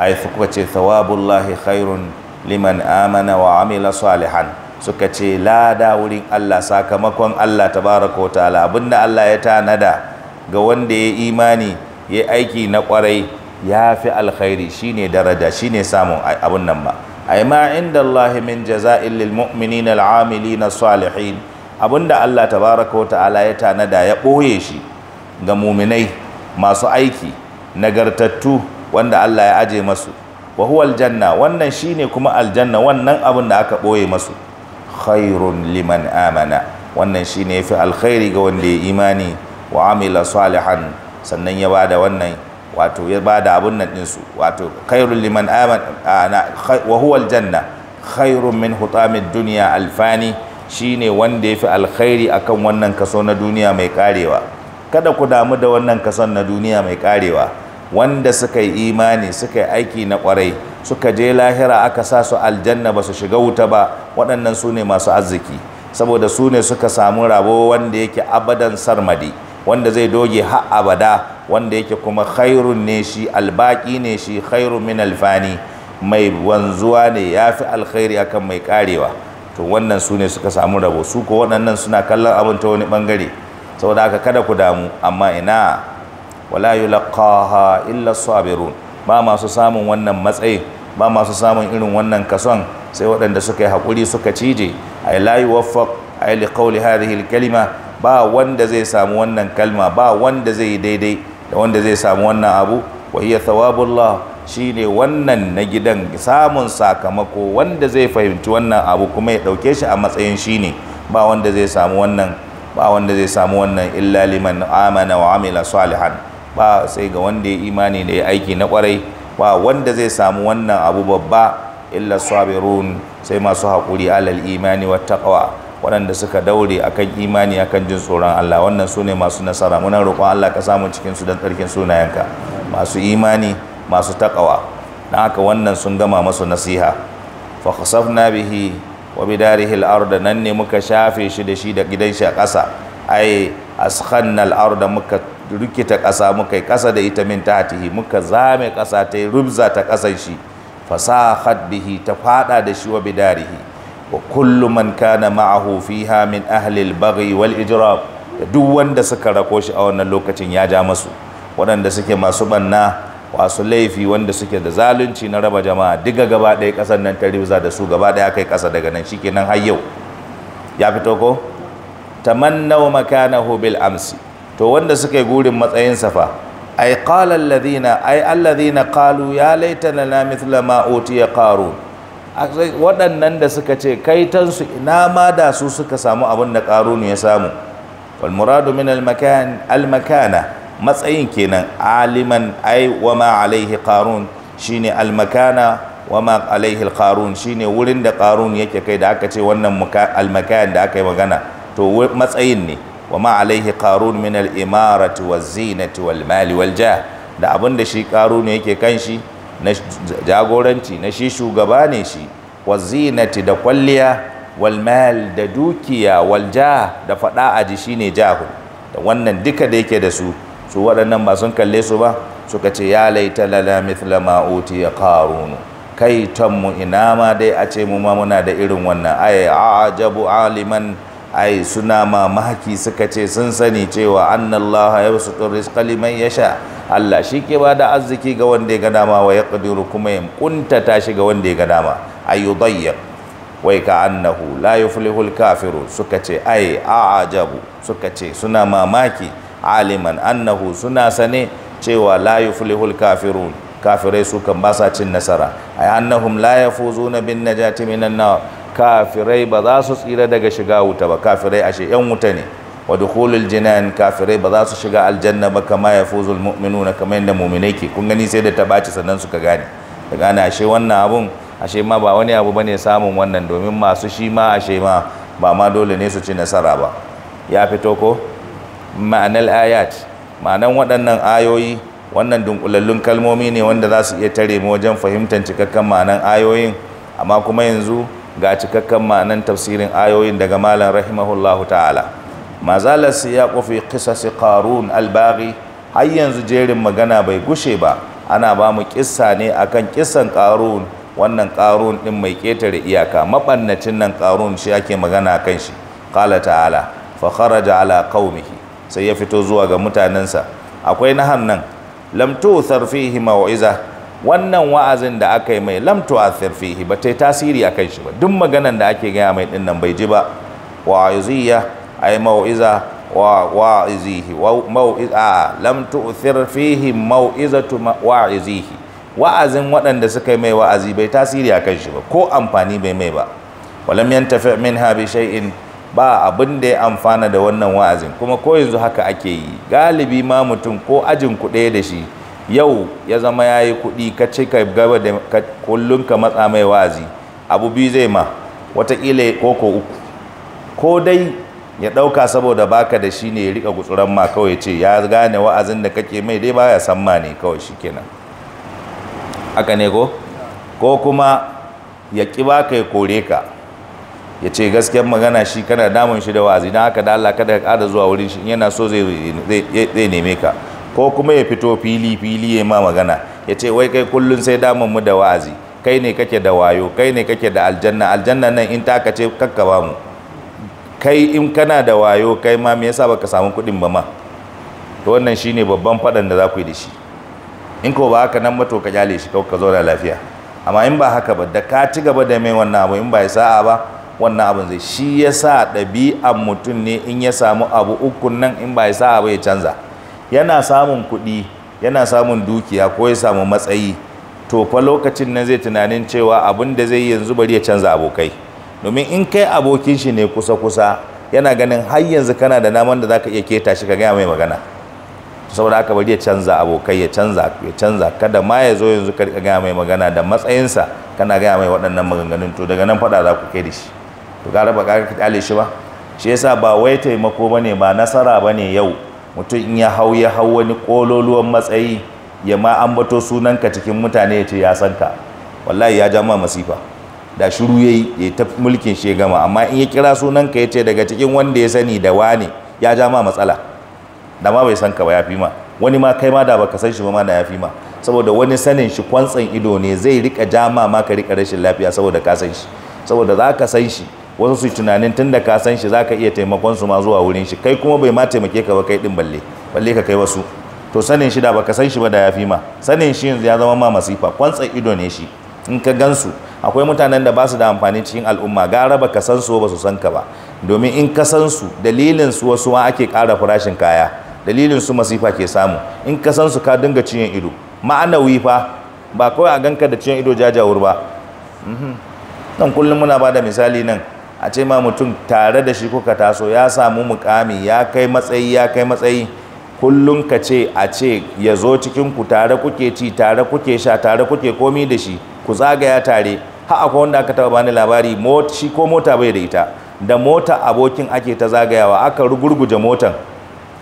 ay kuka ce thawabullahi khairun liman amana wa amila salihan suka ce lada wurin Allah sakamakon Allah tabaraka wa ta'ala abinda Allah ya tanada ga wanda ya imani ya aiki na kwarai ya fi alkhairi shine daraja shine samun abin nan ba ai ma inda Allah min jaza'il lil mu'minin al amilin salihin Allah tabaraka wa ta'ala ya tanada ya boye shi ga muminai masu aiki nagartattu wanda Allah ya aje masu wa huwa aljanna wannan shine kuma aljanna wannan abin da aka ɓoye masu khairun liman amana wannan ya yafi alkhairi ga wanda ya imani wa amila salihan sannan ya bada wannan wato ya bada abun nan din su wato khairul liman amana wa huwa aljanna khairun min hutamid dunya alfani shine wanda yafi alkhairi akan wannan kaso na duniya mai karewa kada ku damu da wannan kason na duniya mai karewa wanda suka yi imani suka yi aiki na kwarai suka je lahira aka sa su aljanna ba su shiga wuta ba waɗannan su ne masu arziki saboda su ne suka samu rabo wanda yake abadan sarmadi wanda zai doge har abada wanda yake kuma khairun ne shi albaki ne shi khairun min alfani mai wanzuwa ne ya fi alkhairi akan mai karewa to wannan su ne suka samu rabo su ko waɗannan suna kallon abin ta wani bangare saboda haka kada ku damu amma ina wala yulqaha illa sabirun ba masu samun wannan matsayin ba masu samun irin wannan kason sai waɗanda suka yi haƙuri suka cije ay la yuwaffaq ay liqawli hadhihi kalima. ba wanda zai samu wannan kalma ba wanda zai daidai da wanda zai samu wannan abu wa hiya thawabullah shine wannan na gidan samun sakamako wanda zai fahimci wannan abu kuma ya dauke shi a matsayin shine ba wanda zai samu wannan ba wanda zai samu wannan illa liman amana wa amila salihan ba sai ga wanda ya imani da ya aiki na kwarai ba wanda zai samu wannan abu babba illa sabirun sai masu haƙuri alal imani wa taqwa waɗanda suka daure akan imani akan jin tsoron Allah wannan su ne masu nasara muna roƙon Allah ka samu cikin su don tsarkin sunayenka masu imani masu taƙawa na haka wannan sun gama masu nasiha fa khasafna bihi wa bidarihi al-ard nan ne muka shafe shi da shi da gidan shi a ƙasa ai askhanna al-ard muka rikita ƙasa muka yi ƙasa da ita min tahtihi muka zame ƙasa ta rubza ta ƙasan shi fasahat bihi ta faɗa da shi wa bidarihi وكل من كان معه فيها من أهل البغي da duk wanda suka rako shi a wannan lokacin ya ja masu waɗanda suke masu banna wasu laifi wanda suke da zalunci na raba jama'a diga gaba ɗaya ƙasar nan ta riza da su gaba ɗaya kai ƙasa daga nan shikenan har yau ya fito ko tamannaw makanahu bil amsi to wanda suka yi gurin matsayin safa ai qala alladhina ay alladhina qalu ya laitana la mithla ma utiya qarun waɗannan da suka ce kaitansu ina ma da su suka samu abin da ƙaruni ya samu walmuradu min almakana matsayin kenan aliman ai wa ma alaihi ƙarun shine almakana wa ma alaihi ƙarun shine wurin da ƙarun yake kai da aka ce wannan almakan da aka yi magana to matsayin ne wa ma alaihi ƙarun min al'imaratu wa zinati wal mali wal da abin da shi ƙarun yake kan shi na jagoranci na shi shugaba ne shi wazinati da kwalliya walmal da dukiya walja da faɗa aji shine jahu da wannan duka da yake da su su waɗannan ba sun kalle su ba suka ce ya laita lala mithla ma utiya qarunu kai tammu ina ma dai a ce mu ma muna da irin wannan ay ajabu aliman ai suna mamaki suka ce sun sani cewa annallaha yabsutu rizqa ya sha! Allah shi ke ba da arziki ga wanda ya ga dama wa yaqdiru kuma ya ta shi ga wanda ya ga dama ayudayya wai ka annahu la fulihul kafiru suka ce ai ajabu suka ce suna mamaki aliman annahu suna sane cewa la fulihul kafiru! kafirai su kan ba cin nasara ai annahum la na bin najati minan nawa! kafirai ba za su tsira daga shiga wuta ba kafirai ashe yan wuta ne wa dukhulul jinan kafirai ba za su shiga aljanna ba kama yafuzul mu'minuna kamar yadda mu'minai ke kun sai da ta baci sannan suka gane da gane ashe wannan abun ashe ma ba wani abu bane samun wannan domin masu shi ma ashe ma ba ma dole ne su ci nasara ba ya fito ko ma'anar ayat ma'anan waɗannan ayoyi wannan dunkulallun kalmomi ne wanda za su iya tare mu wajen fahimtar cikakken ma'anan ayoyin amma kuma yanzu ga cikakken ma'anan tafsirin ayoyin daga malam rahimahullahu ta'ala mazalar ya kufi kisasi karun albari. har yanzu jerin magana bai gushe ba ana ba mu kissa ne akan kissan karun wannan karun din mai ketare iyaka mabannacin nan karun shi ake magana kan shi kala ta'ala fa kharaja ala qaumihi sai ya fito zuwa ga mutanensa akwai nahan nan lam tu'thar fihi mau'iza wannan wa'azin da aka yi mai lamto a fihi ba ta yi tasiri a kan shi ba duk maganan da ake gaya mai dinnan nan bai ji ba a yi mau'iza wa wa'izihi mau'iza lam fihi mau'izatu wa'azin waɗanda suka yi mai wa'azi bai tasiri a kai shi ba ko amfani bai mai ba walam min minha bi shay'in ba abin da ya amfana da wannan wa'azin kuma ko yanzu haka ake yi galibi ma mutum ko ajin ku da shi yau ya zama ya yi kuɗi ka ce ka gaba da kullum ka matsa mai wazi abu biyu zai ma watakila koko uku ko dai ya ɗauka saboda baka da shi ne ya riƙa gutsuran ma kawai ce ya gane wa'azin da kake mai dai baya san ma ne kawai shi kenan aka ne ko ko kuma ya ƙi baka ya kore ka ya ce gaskiyar magana shi kana damun shi da wa'azi don haka da Allah kada ka ƙara zuwa wurin shi yana so zai neme ka ko kuma ya fito fili fili ya ma magana ya ce wai kai kullun sai damun mu da wa'azi kai ne kake da wayo kai ne kake da aljanna aljanna nan in taka ce kakka ba mu kai in kana da wayo kai ma me yasa baka samu kuɗin ba ma to wannan shine babban fadan da za ku yi da shi in ko ba haka nan mato to ka jale shi kawai ka zo lafiya amma in ba haka ba da ka ci gaba da mai wannan abu in ba ya sa'a ba wannan abin zai shi yasa ɗabi'an mutum ne in ya samu abu ukun nan in ba ya sa'a ba ya canza yana samun kuɗi yana samun dukiya ko ya samu matsayi to fa lokacin nan zai tunanin cewa abin da zai yanzu bari ya canza abokai domin in kai abokin shi ne kusa kusa yana ganin har yanzu kana da naman da zaka iya keta shi ka gaya mai magana saboda haka bari ya canza abokai ya canza ya canza kada ma ya zo yanzu ka gaya mai magana da matsayinsa kana gaya mai waɗannan maganganun to daga nan faɗa za ku kai da shi to gara ba ka kyale shi ba shi yasa ba wai taimako bane ba nasara bane yau mutum in ya hau ya hau wani kololuwan matsayi ya ma ambato sunanka cikin mutane ya ce ya san ka wallahi ya ja ma masifa da shiru yayi ya ta mulkin shi gama amma in ya kira sunanka ya ce daga cikin wanda ya sani da wane ya ja ma matsala da ma bai san ka ba ya fi ma wani ma kai ma da baka san shi ba ma da ya fi ma saboda wani sanin shi kwantsan ido ne zai rika jama ma ka rika rashin lafiya saboda ka san shi saboda za ka san shi wasu su tunanin tunda ka san shi zaka iya taimakon su ma zuwa wurin shi kai kuma bai ma taimake ka ba kai din balle balle ka kai wasu to sanin shi da baka san shi ba da yafi ma sanin shi yanzu ya zama ma masifa kwantsa ido ne shi in ka gansu akwai mutanen da ba su da amfani cikin al'umma gara baka san su ba su san ka ba domin in ka san su dalilin su wasu ma ake ƙara farashin kaya dalilin su masifa ke samu in ka san su ka dinga ciyen ido ma'anawi fa ba kawai a ganka da ciyen ido jajawur ba mhm. nan kullum muna ba da misali nan a ce ma mutum tare da shi kuka taso ya samu mukami ya kai matsayi ya kai matsayi kullum ka ce a ce ya zo cikinku tare kuke ci tare kuke sha tare kuke komi da shi ku zagaya tare ha akwai wanda aka taba bani labari shi ko mota bai da ita da mota abokin ake ta zagayawa aka rugurguje motan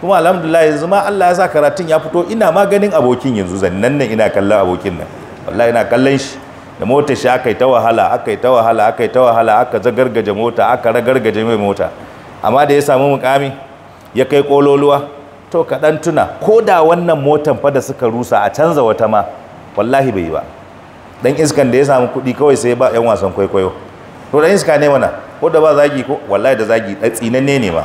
kuma alhamdulillah yanzu ma Allah ya sa karatun ya fito ina ma ganin abokin yanzu zannan nan ina kallon abokin nan wallahi ina kallon shi da motar shi aka yi ta wahala aka yi ta wahala aka yi ta wahala aka zagargaje mota aka ragargaje mai mota amma da ya samu mukami ya kai kololuwa to kaɗan tuna ko da wannan motan fa da suka rusa a canza wata ma wallahi bai yi ba dan iskan da ya samu kuɗi kawai sai ba yan wasan kwaikwayo to dan iska ne mana ko da ba zagi ko wallahi da zagi dan tsinanne ne ma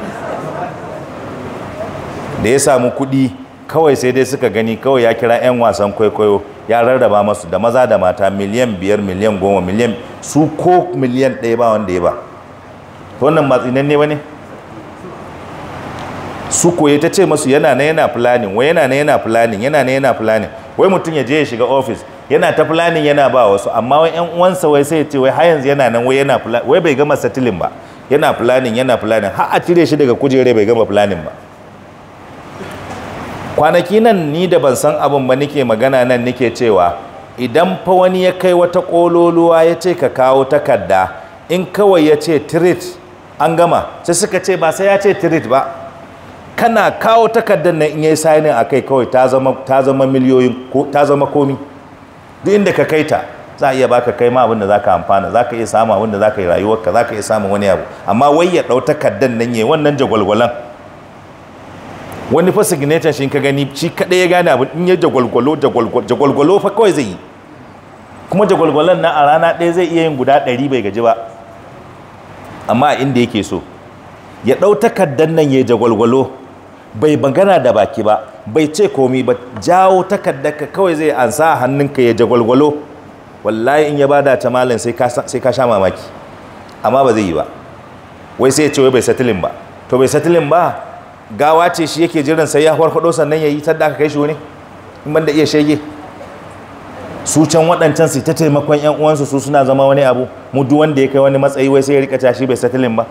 da ya samu kuɗi kawai sai dai suka gani kawai ya kira yan wasan kwaikwayo ya rarraba masu da maza da mata miliyan biyar miliyan goma miliyan su ko miliyan ɗaya ba wanda ya ba wannan matsinan ne ba su koye ta ce masu yana na yana planning wai yana na yana planning yana na yana planning wai mutum ya je ya shiga office yana ta planning yana ba wasu amma wai 'yan uwansa wai sai ya ce wai har yanzu yana nan wai yana wai bai gama satilin ba yana planning yana planning har a cire shi daga kujere bai gama planning ba kwanaki nan ni da ban san abin ba nike magana nan nike cewa idan fa wani ya kai wata kololuwa ya ce ka kawo takarda in kawai ya ce trit an gama sai suka ce ba sai ya ce trit ba kana kawo takardar na in yayi sainin akai kawai ta zama miliyoyin ta zama komi duk inda ka kai ta za a iya baka kai ma abin da ka amfana za ka iya samu abin da ka yi rayuwarka ka iya samun wani abu amma wai ya ɗau takardar nan yayi wannan jagwalgwalan wani fa signature shi ka gani shi kadai ya gane abin in ya jagwalgwalo jagwalgwalo fa kawai zai yi kuma jagwalgwalon na a rana ɗaya zai iya yin guda ɗari bai gaji ba amma inda yake so ya ɗau takardar nan ya jagwalgwalo bai magana da baki ba bai ce komi ba jawo takardar ka kawai zai ansa a ka ya jagwalgwalo wallahi in ya bada ta malin sai ka sha mamaki amma ba zai yi ba wai sai ya ce wai bai satilin ba to bai satilin ba gawa ce shi yake jiran sai ya farfado sannan ya yi tadda aka kai shi wani in da iya shege su can waɗancan su ta taimakon yan uwansu su suna zama wani abu mudu wanda ya kai wani matsayi wai sai ya rika tashi bai satilin ba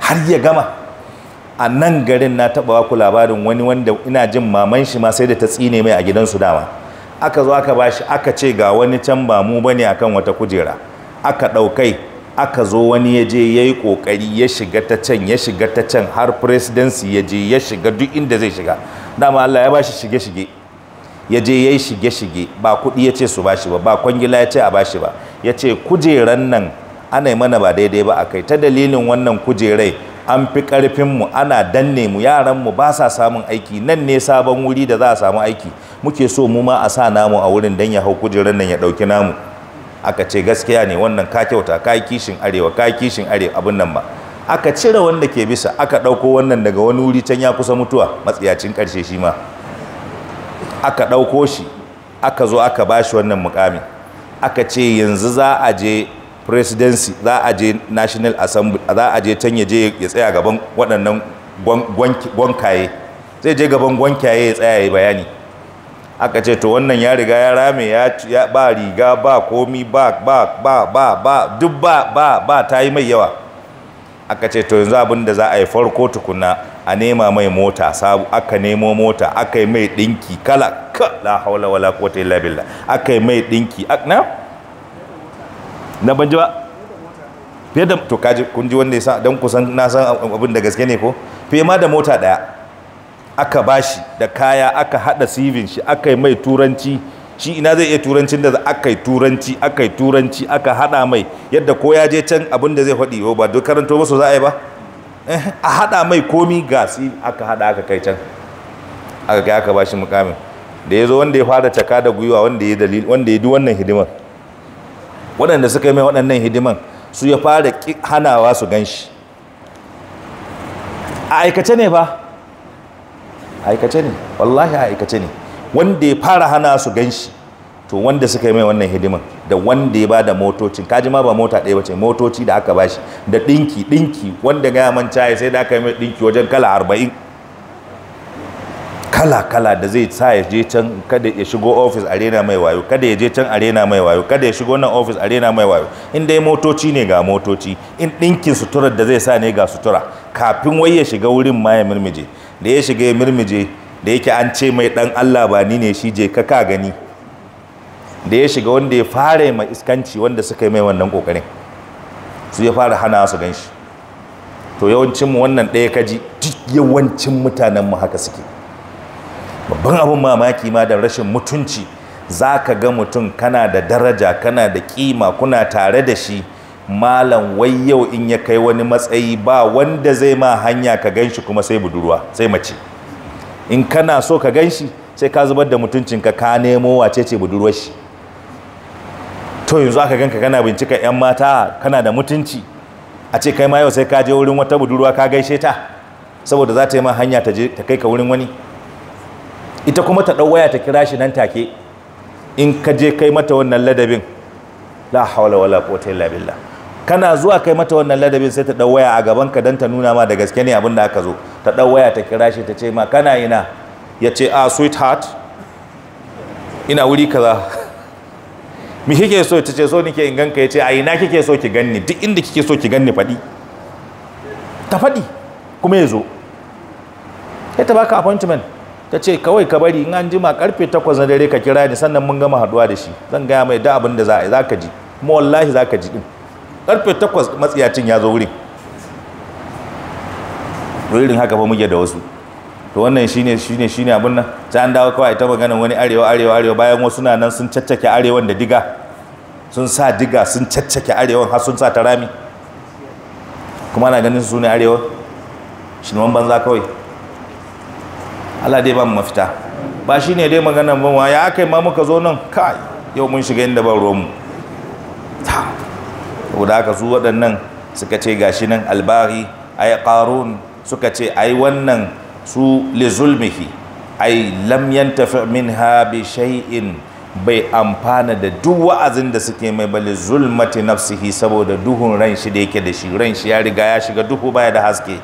har ya gama a nan garin na taɓa ku labarin wani wanda ina jin maman shi ma sai da ta tsine mai a gidansu dama aka zo aka bashi aka ce ga wani can ba mu bane akan wata kujera aka ɗaukai aka zo wani ya je ya yi kokari ya shiga ta can ya shiga ta can har presidency ya je ya shiga duk inda zai shiga dama Allah ya ba shi shige-shige ya je ya yi shige-shige ba kuɗi ya ce su ba shi ba ba kwangila ya ce a ba shi ba ya ce kujeran nan ana yi mana ba daidai ba a kai ta dalilin wannan kujerai an fi ƙarfinmu ana danne mu yaranmu ba sa samun aiki nan ne sabon wuri da za a samu aiki muke so mu ma a sa namu a wurin don ya hau kujerar nan ya ɗauki namu aka ce gaskiya ne wannan ka kyauta ka kishin arewa ka kishin arewa abin nan ba aka cire wanda ke bisa aka ɗauko wannan daga wani wuri can ya kusa mutuwa matsiyacin ƙarshe shi ma aka ɗauko shi aka zo aka ba shi wannan mukami aka ce yanzu za a je presidency za a je national assembly za a je can ya ya tsaya gaban waɗannan gwankaye zai je gaban gwankaye ya tsaya ya bayani aka ce to wannan ya riga ya rame ya ba riga ba komi ba ba ba ba ba duk ba ba ba ta yi mai yawa aka ce to yanzu abin da za a yi farko tukuna a nema mai mota sabu aka nemo mota aka yi mai dinki kala ka la haula wala quwwata illa billah aka yi mai dinki na na banji ba fiye da to kaji kun ji wanda ya sa dan kusan na san abin da gaske ne ko fiye ma da mota daya aka bashi da kaya aka hada sivin shi aka yi mai turanci shi ina zai iya turancin da aka yi turanci aka yi turanci aka hada mai yadda ko ya je can abin da zai faɗi yau oh, ba duk karanto masu za a yi ba eh, a hada mai komi ga aka hada aka kai can aka kai aka bashi mukamin da ya zo wanda ya fara caka da gwiwa wanda ya dalil wanda ya di wannan hidimar waɗanda suka yi mai waɗannan hidiman su ya fara hanawa su gan shi a aikace ne ba aikace ne wallahi aikace ne wanda ya fara hana su gan shi to wanda suka yi mai wannan hidiman da wanda ya bada motocin kaji ma ba mota ɗaya bace motoci da aka bashi da dinki dinki wanda gaya man caya sai da aka yi mai dinki wajen kala arba'in kala kala da zai sa ya je can kada ya shigo office arena mai wayo kada ya je can arena mai wayo kada ya shigo nan office arena mai wayo in dai motoci ne ga motoci in dinkin suturar da zai sa ne ga sutura kafin wai ya shiga wurin ma ya mirmije da ya shiga ya mirmije da yake an ce mai dan Allah ba ni ne shi je kaka gani da ya shiga wanda ya fara mai iskanci wanda suka yi mai wannan kokarin su ya fara hana su ganshi to yawancin mu wannan ɗaya kaji duk yawancin mutanen mu haka suke babban abin mamaki ma da rashin mutunci za ka ga mutum kana da daraja kana da kima kuna tare da shi malam wai yau in ya kai wani matsayi ba wanda zai ma hanya ka ganshi kuma sai budurwa sai mace in kana so ka ganshi sai ka zubar da mutuncinka ka nemo wace ce budurwar shi to yanzu aka ganka kana bincika yan mata kana da mutunci a ce kai ma yau sai ka je wurin wata budurwa ka gaishe ta saboda za ta yi ma hanya ta je ta kai ka wurin wani ita kuma ta ɗau waya ta kira shi nan take in ka je kai mata wannan ladabin la hawla wala quwwata illa billah kana zuwa kai mata wannan ladabin sai ta ɗau waya a gaban ka don ta nuna ma da gaske ne abin da aka zo ta ɗau waya ta kira shi ta ce ma kana ina ya ce a ah, sweetheart ina wuri kaza <laughs> mi kike so ta ce so nike in ganka ya ce a ina kike so ki ganni duk inda kike so ki ganni faɗi ta faɗi kuma ya zo ya ta baka appointment ta ce kawai ka bari in an jima karfe takwas na dare ka kira ni sannan mun gama haɗuwa da shi zan gaya mai da abin da za a yi za ka ji kuma wallahi za ka ji din karfe takwas matsiyacin ya zo wurin wurin haka ba muke da wasu to wannan shine shine shine abin nan Ta an dawo kawai ta maganar wani arewa arewa arewa bayan wasu na nan sun caccake arewan da diga sun sa diga sun caccake arewan har sun sa ta rami kuma ana ganin su ne arewa wani banza kawai Allah dai ba mu mafita ba shi ne dai maganar ban ya aka yi ma muka zo nan kai yau mun shiga inda ban ruwanmu ta saboda aka su waɗannan suka ce gashi nan albari yi ƙarun suka ce ai wannan su le zulmihi ai tafi min ha bi shai'in bai amfana da duk wa'azin da suke mai bali zulmati nafsihi saboda duhun ran shi da yake da shi ran shi ya riga ya shiga duhu baya da haske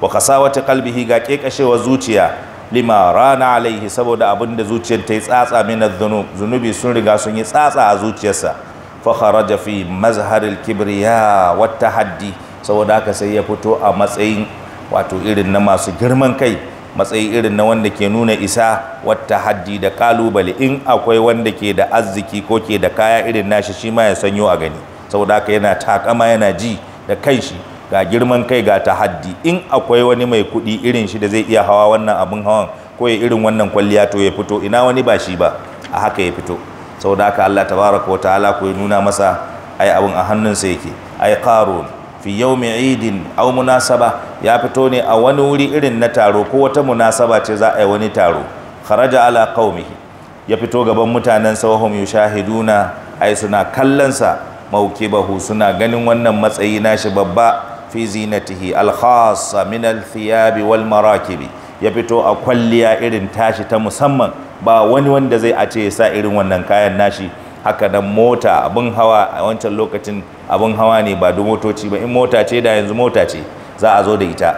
wa kasawati kalbihi ga kekashewa zuciya lima rana alaihi saboda abin da zuciyar ta yi tsatsa min zunubi sun riga sun yi tsatsa a zuciyarsa fakharaja fi mazharil kibriya wata haddi saboda haka sai ya fito a matsayin wato irin na masu girman kai matsayi irin na wanda ke nuna isa wata haddi da kalubale in akwai wanda ke da arziki ko ke da kaya irin nashi shi ma ya sanyo a gani saboda haka yana takama yana ji da kanshi ga girman kai ga tahaddi in akwai wani mai kuɗi irin shi da zai iya hawa wannan abin hawan ko ya irin wannan kwalliya to ya fito ina wani ba shi ba a haka ya fito saboda haka Allah tabaraka wa ta'ala ku ya nuna masa ai abun a hannunsa yake ai qarun fi yawmi idin aw munasaba ya fito ne a wani wuri irin na taro ko wata munasaba ce za a yi wani taro kharaja ala qaumihi ya fito gaban mutanen sa wahum yushahiduna ai suna kallonsa mawqibahu suna ganin wannan matsayi nashi babba fi zinatihi al khassa min al thiyabi wal marakibi ya fito a kwalliya irin tashi ta musamman ba wani wanda zai a ce ya sa irin wannan kayan nashi haka nan mota abin hawa a wancan lokacin abin hawa ne ba da motoci ba in mota ce da yanzu mota ce za a zo da ita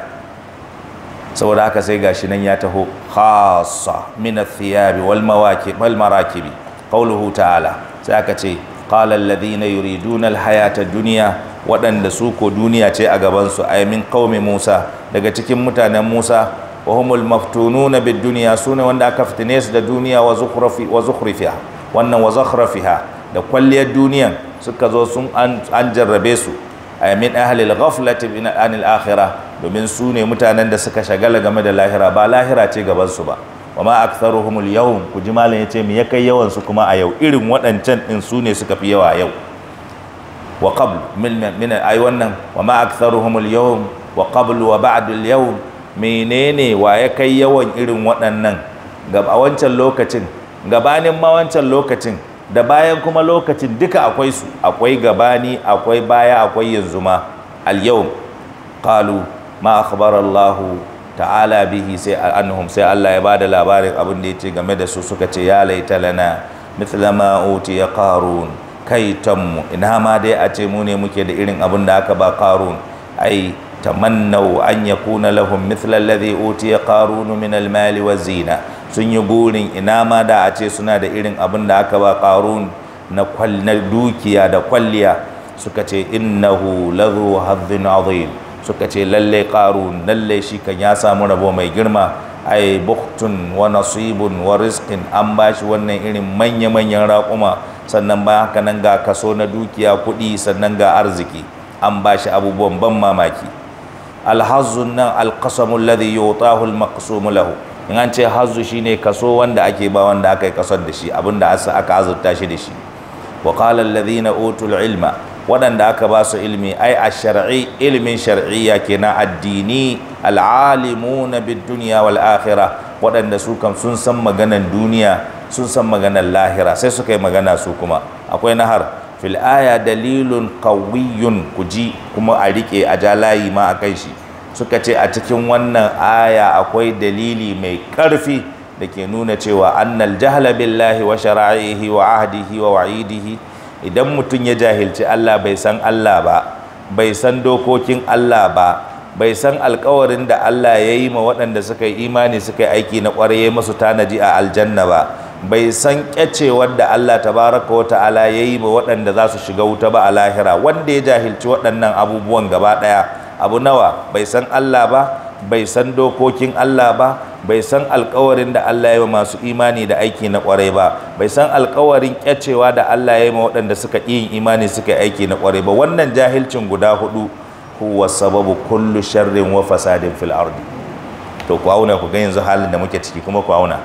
saboda haka sai gashi nan ya taho khassa min athiyabi wal mawakib wal marakibi qawluhu ta'ala sai aka ce qala alladhina yuriduna al hayata dunya waɗanda su ko duniya ce a gaban su ay min qaumi Musa daga cikin mutanen Musa wa humul maftununa bid dunya wanda aka fitine su da duniya wa da kwalliyar duniyan suka zo sun an jarrabe su a min ahlil ghaflati min domin su mutanen da suka shagala game da lahira ba lahira ce gaban ba wa ma aktharuhumul ku ji malam yace me ya kai yawan su kuma a yau irin waɗancan din su ne suka fi yawa yau wa qabl min min ay wannan wa ma aktharuhumul yawm wa qabl wa ba'd al menene wa ya kai yawan irin waɗannan a wancan lokacin gabanin ma wancan lokacin da bayan kuma lokacin duka akwai su akwai gabani akwai baya akwai yanzu ma al kalu ma Allah ta'ala bihi sai anhum sai Allah ya bada labarin abin da yace game da su suka ce ya laita lana mithla ma utiya qarun kai tammu ina ma dai a ce mu ne muke da irin abin da aka ba karun ai tamannau an yakuna lahum oti ya utiya qarun min almali zina sun yi burin ina ma da a ce suna da irin abin da aka ba qarun na dukiya da kwalliya suka ce innahu lahu hadhin azim suka ce lalle qarun lalle shi kan ya samu rabo mai girma ai buktun wa nasibun wa rizqin an bashi wannan irin manya manyan raƙuma sannan ba haka nan ga kaso na dukiya kuɗi sannan ga arziki an bashi abubuwan ban mamaki alhazun nan alqasamu alladhi yutahu almaqsumu lahu in an ce hazzu shine kaso wanda ake ba wanda aka yi kasar da shi abinda aka azurta shi da shi wa qala alladhina utul ilma waɗanda aka ba su ilmi ai a shar'i ilmin shar'iyya kenan addini al'alimuna bid dunya wal akhirah waɗanda su kam sun san maganan duniya sun san maganan lahira sai suka yi magana su kuma akwai nahar fil aya dalilun ku ji kuma a rike a jalayi ma a shi suka ce a cikin wannan aya akwai dalili mai karfi da ke nuna cewa annal jahla billahi wa shara'ihi wa ahdihi wa wa'idihi idan mutum ya jahilci Allah bai san Allah ba bai san dokokin Allah ba bai san alkawarin da Allah ya yi ma waɗanda suka yi imani suka yi aiki na ƙwarai masu tanaji a aljanna ba bai san kyacewar da Allah ta baraka wa ta'ala ya yi ba waɗanda za su shiga wuta ba a lahira wanda ya jahilci waɗannan abubuwan gaba ɗaya abu nawa bai san Allah ba bai san dokokin Allah ba bai san alkawarin da Allah ya yi masu imani da aiki na kwarai ba bai san alkawarin kyacewa da Allah ya yi waɗanda suka yin imani suka yi aiki na kwarai ba wannan jahilcin guda hudu huwa sababu kullu sharrin wa fasadin fil ardi to ku auna ku ga yanzu halin da muke ciki kuma ku auna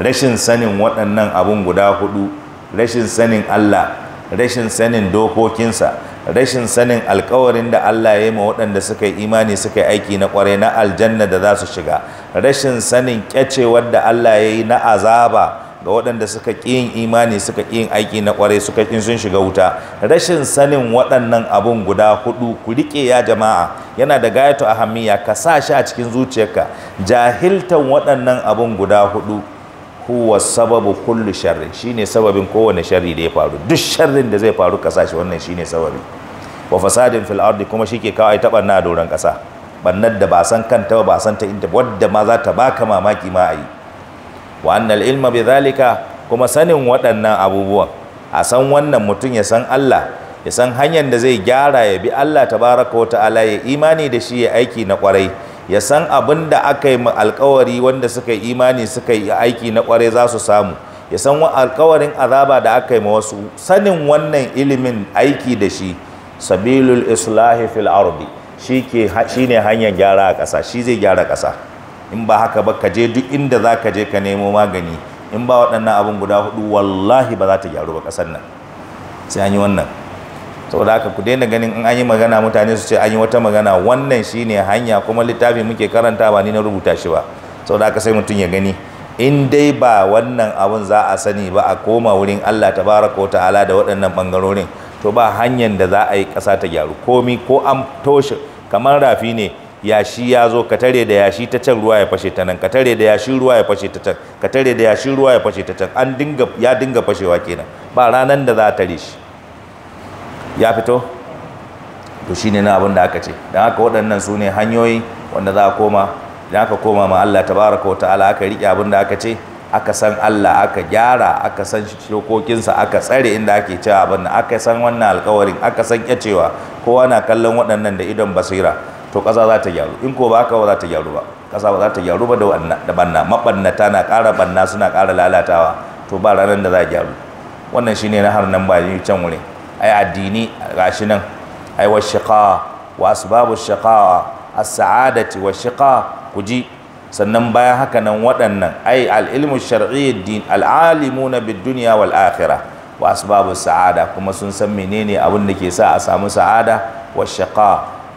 rashin sanin waɗannan abun guda hudu rashin sanin Allah rashin sanin dokokinsa rashin sanin alkawarin da Allah ya yi ma waɗanda suka yi imani suka yi aiki na ƙwarai na aljanna da za su shiga rashin sanin kyacewar da Allah ya yi na azaba ga waɗanda suka ƙi yin imani suka ƙi yin aiki na ƙwarai suka ƙin sun shiga wuta rashin sanin waɗannan abun guda hudu ku riƙe ya jama'a yana da gayatu ahammiya ka sa shi a cikin zuciyarka jahiltan waɗannan abun guda hudu huwa sababu kullu sharri shine sababin kowane sharri da ya faru duk sharrin da zai faru kasa shi wannan shine sababi wa fasadin fil ardi kuma shike ai taban na doran kasa bannar da ba san kanta ba san ta inda wadda ma za ta baka mamaki ma ai wa annal ilma bidhalika kuma sanin waɗannan abubuwan a san wannan mutum ya san Allah ya san hanyar da zai gyara ya bi Allah tabaraka wa ta'ala ya imani da shi ya aiki na kwarai ya san abin da aka yi alkawari wanda suka yi imani suka yi aiki na kwarai za su samu ya san alkawarin azaba da aka yi ma wasu sanin wannan ilimin aiki da shi sabilul islahi fil ardi shi ne hanyar gyara a ƙasa shi zai gyara ƙasa in ba haka ba ka je duk inda za ka je ka nemo magani in ba waɗannan abin guda hudu wallahi ba za ta gyaru ba ƙasar nan sai an yi wannan saboda haka ku daina ganin in an yi magana mutane su ce an yi wata magana wannan shine hanya kuma littafi muke karanta ba ni na rubuta shi ba saboda haka sai mutum ya gani in dai ba wannan abun za a sani ba a koma wurin Allah tabaraka wa ta'ala da waɗannan bangarorin to ba hanyar da za a yi ƙasa ta gyaru komi ko an toshe kamar rafi ne yashi ya zo ka tare da yashi ta can ruwa ya fashe ta nan ka tare da yashi ruwa ya fashe ta can ka tare da yashi ruwa ya fashe ta can an dinga ya dinga fashewa kenan ba ranan da za ta rishi. ya fito to shine na abin da aka ce don haka waɗannan su ne hanyoyi wanda za a koma idan aka koma ma Allah tabaraka wa ta'ala aka riƙe abin da aka ce aka san Allah aka gyara aka san shokokinsa aka tsare inda ake cewa abin nan aka san wannan alkawarin aka san ya cewa kowa na kallon waɗannan da idon basira to ƙasa za ta gyaru in ko ba haka ba za ta gyaru ba ƙasa ba za ta gyaru ba da wannan da banna maɓannata na ƙara banna suna ƙara lalatawa to ba ranar da za a gyaru wannan shine na har nan ba can wurin ai addini gashi nan ai wa shiqa wa asbabu shiqa as-sa'adati wa shiqa kuji sannan bayan haka nan waɗannan ai al-ilmu shar'i din al-alimuna bid-dunya wal akhirah wa asbabu sa'ada kuma sun san menene abin da ke sa a samu sa'ada wa shiqa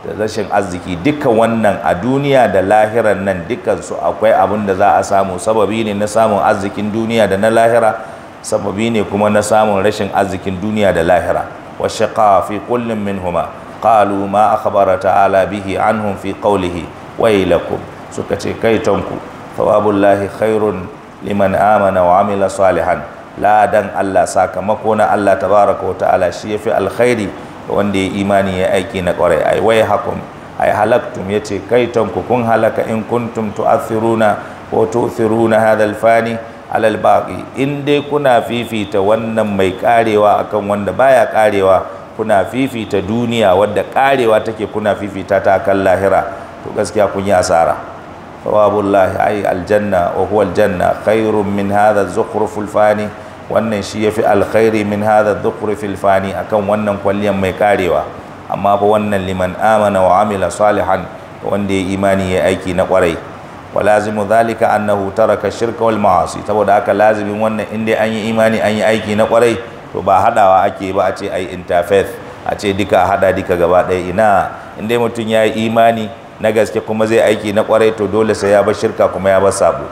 da rashin arziki duka wannan a duniya da lahiran nan dukansu akwai abin da za a samu sababi ne na samun arzikin duniya da na lahira sababi ne kuma na samun rashin arzikin duniya da lahira wa shaqa fi kullin minhuma qalu ma akhbara ta'ala bihi anhum fi qawlihi wailakum suka ce kai tonku thawabullahi khairun liman amana wa amila salihan ladan Allah sakamako na Allah tabaraka wa ta'ala shi yafi alkhairi wanda ya imani ya aiki na kwarai ai wai hakum ai halaktum yace kai tonku kun halaka in kuntum tu'athiruna ko tu'thiruna hadha alfani alal baki in dai kuna fifita wannan mai karewa akan wanda baya karewa kuna fifita duniya wadda karewa take kuna fifita ta kan lahira to gaskiya kun yi asara sawabullahi ai aljanna wa huwa aljanna khairun min hadha az-zukhruful fani wannan shi yafi alkhairi min hadha az fani akan wannan kwalliyan mai karewa amma fa wannan liman amana wa amila salihan wanda ya imani ya aiki na kwarai wa lazimu zalika annahu taraka shirka wal ma'asi saboda aka lazimin wannan inda an yi imani an yi aiki na kwarai to ba haɗawa ake ba a ce ai interfaith a ce duka hada duka gaba ɗaya ina in dai mutum ya yi imani na gaske kuma zai aiki na kwarai to dole sai ya bar shirka kuma ya bar sabo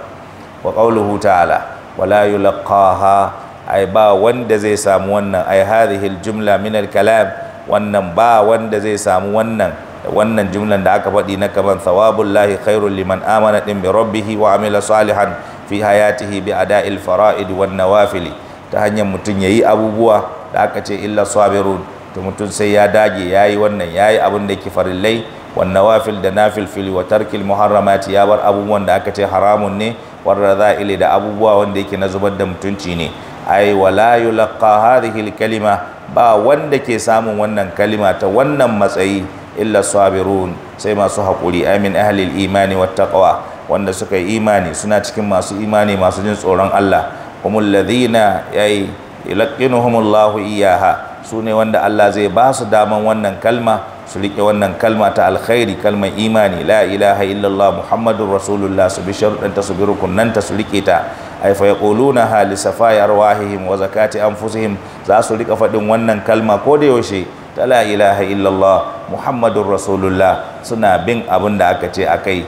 wa qawluhu ta'ala wala yulqaha ai ba wanda zai samu wannan ai hadhihi jumla min al kalam wannan ba wanda zai samu wannan wannan jumlan da aka faɗi na kaman thawabullahi khairul liman amana din bi rabbih wa amila salihan fi hayatihi bi ada'il fara'id wan nawafil ta hanyar mutun yayi abubuwa da aka ce illa sabirun to mutun sai ya dage yayi wannan yayi abin da yake farillai wan nawafil da nafil fil wa tarkil muharramati ya bar abubuwan da aka ce haramun ne war ili da abubuwa wanda yake na zubar da mutunci ne ai wala yulqa hadhihi kalima ba wanda ke samun wannan kalima ta wannan matsayi illa sabirun sai masu haƙuri amin ahlil imani wat taqwa wanda suka yi imani suna cikin masu imani masu jin tsoron Allah humul ladhina ay yulqinuhumullahu iyaha su ne wanda Allah zai ba su daman wannan kalma su riƙe wannan kalma ta alkhairi kalmar imani la ilaha illallah muhammadur rasulullah su bi sharuɗanta su bi rukunnanta su riƙe ta ay fayaquluna hali safaya arwahihim wa zakati anfusihim za su rika faɗin wannan kalma ko da yaushe ta la ilaha illallah muhammadun rasulullah suna bin abin da aka ce a kai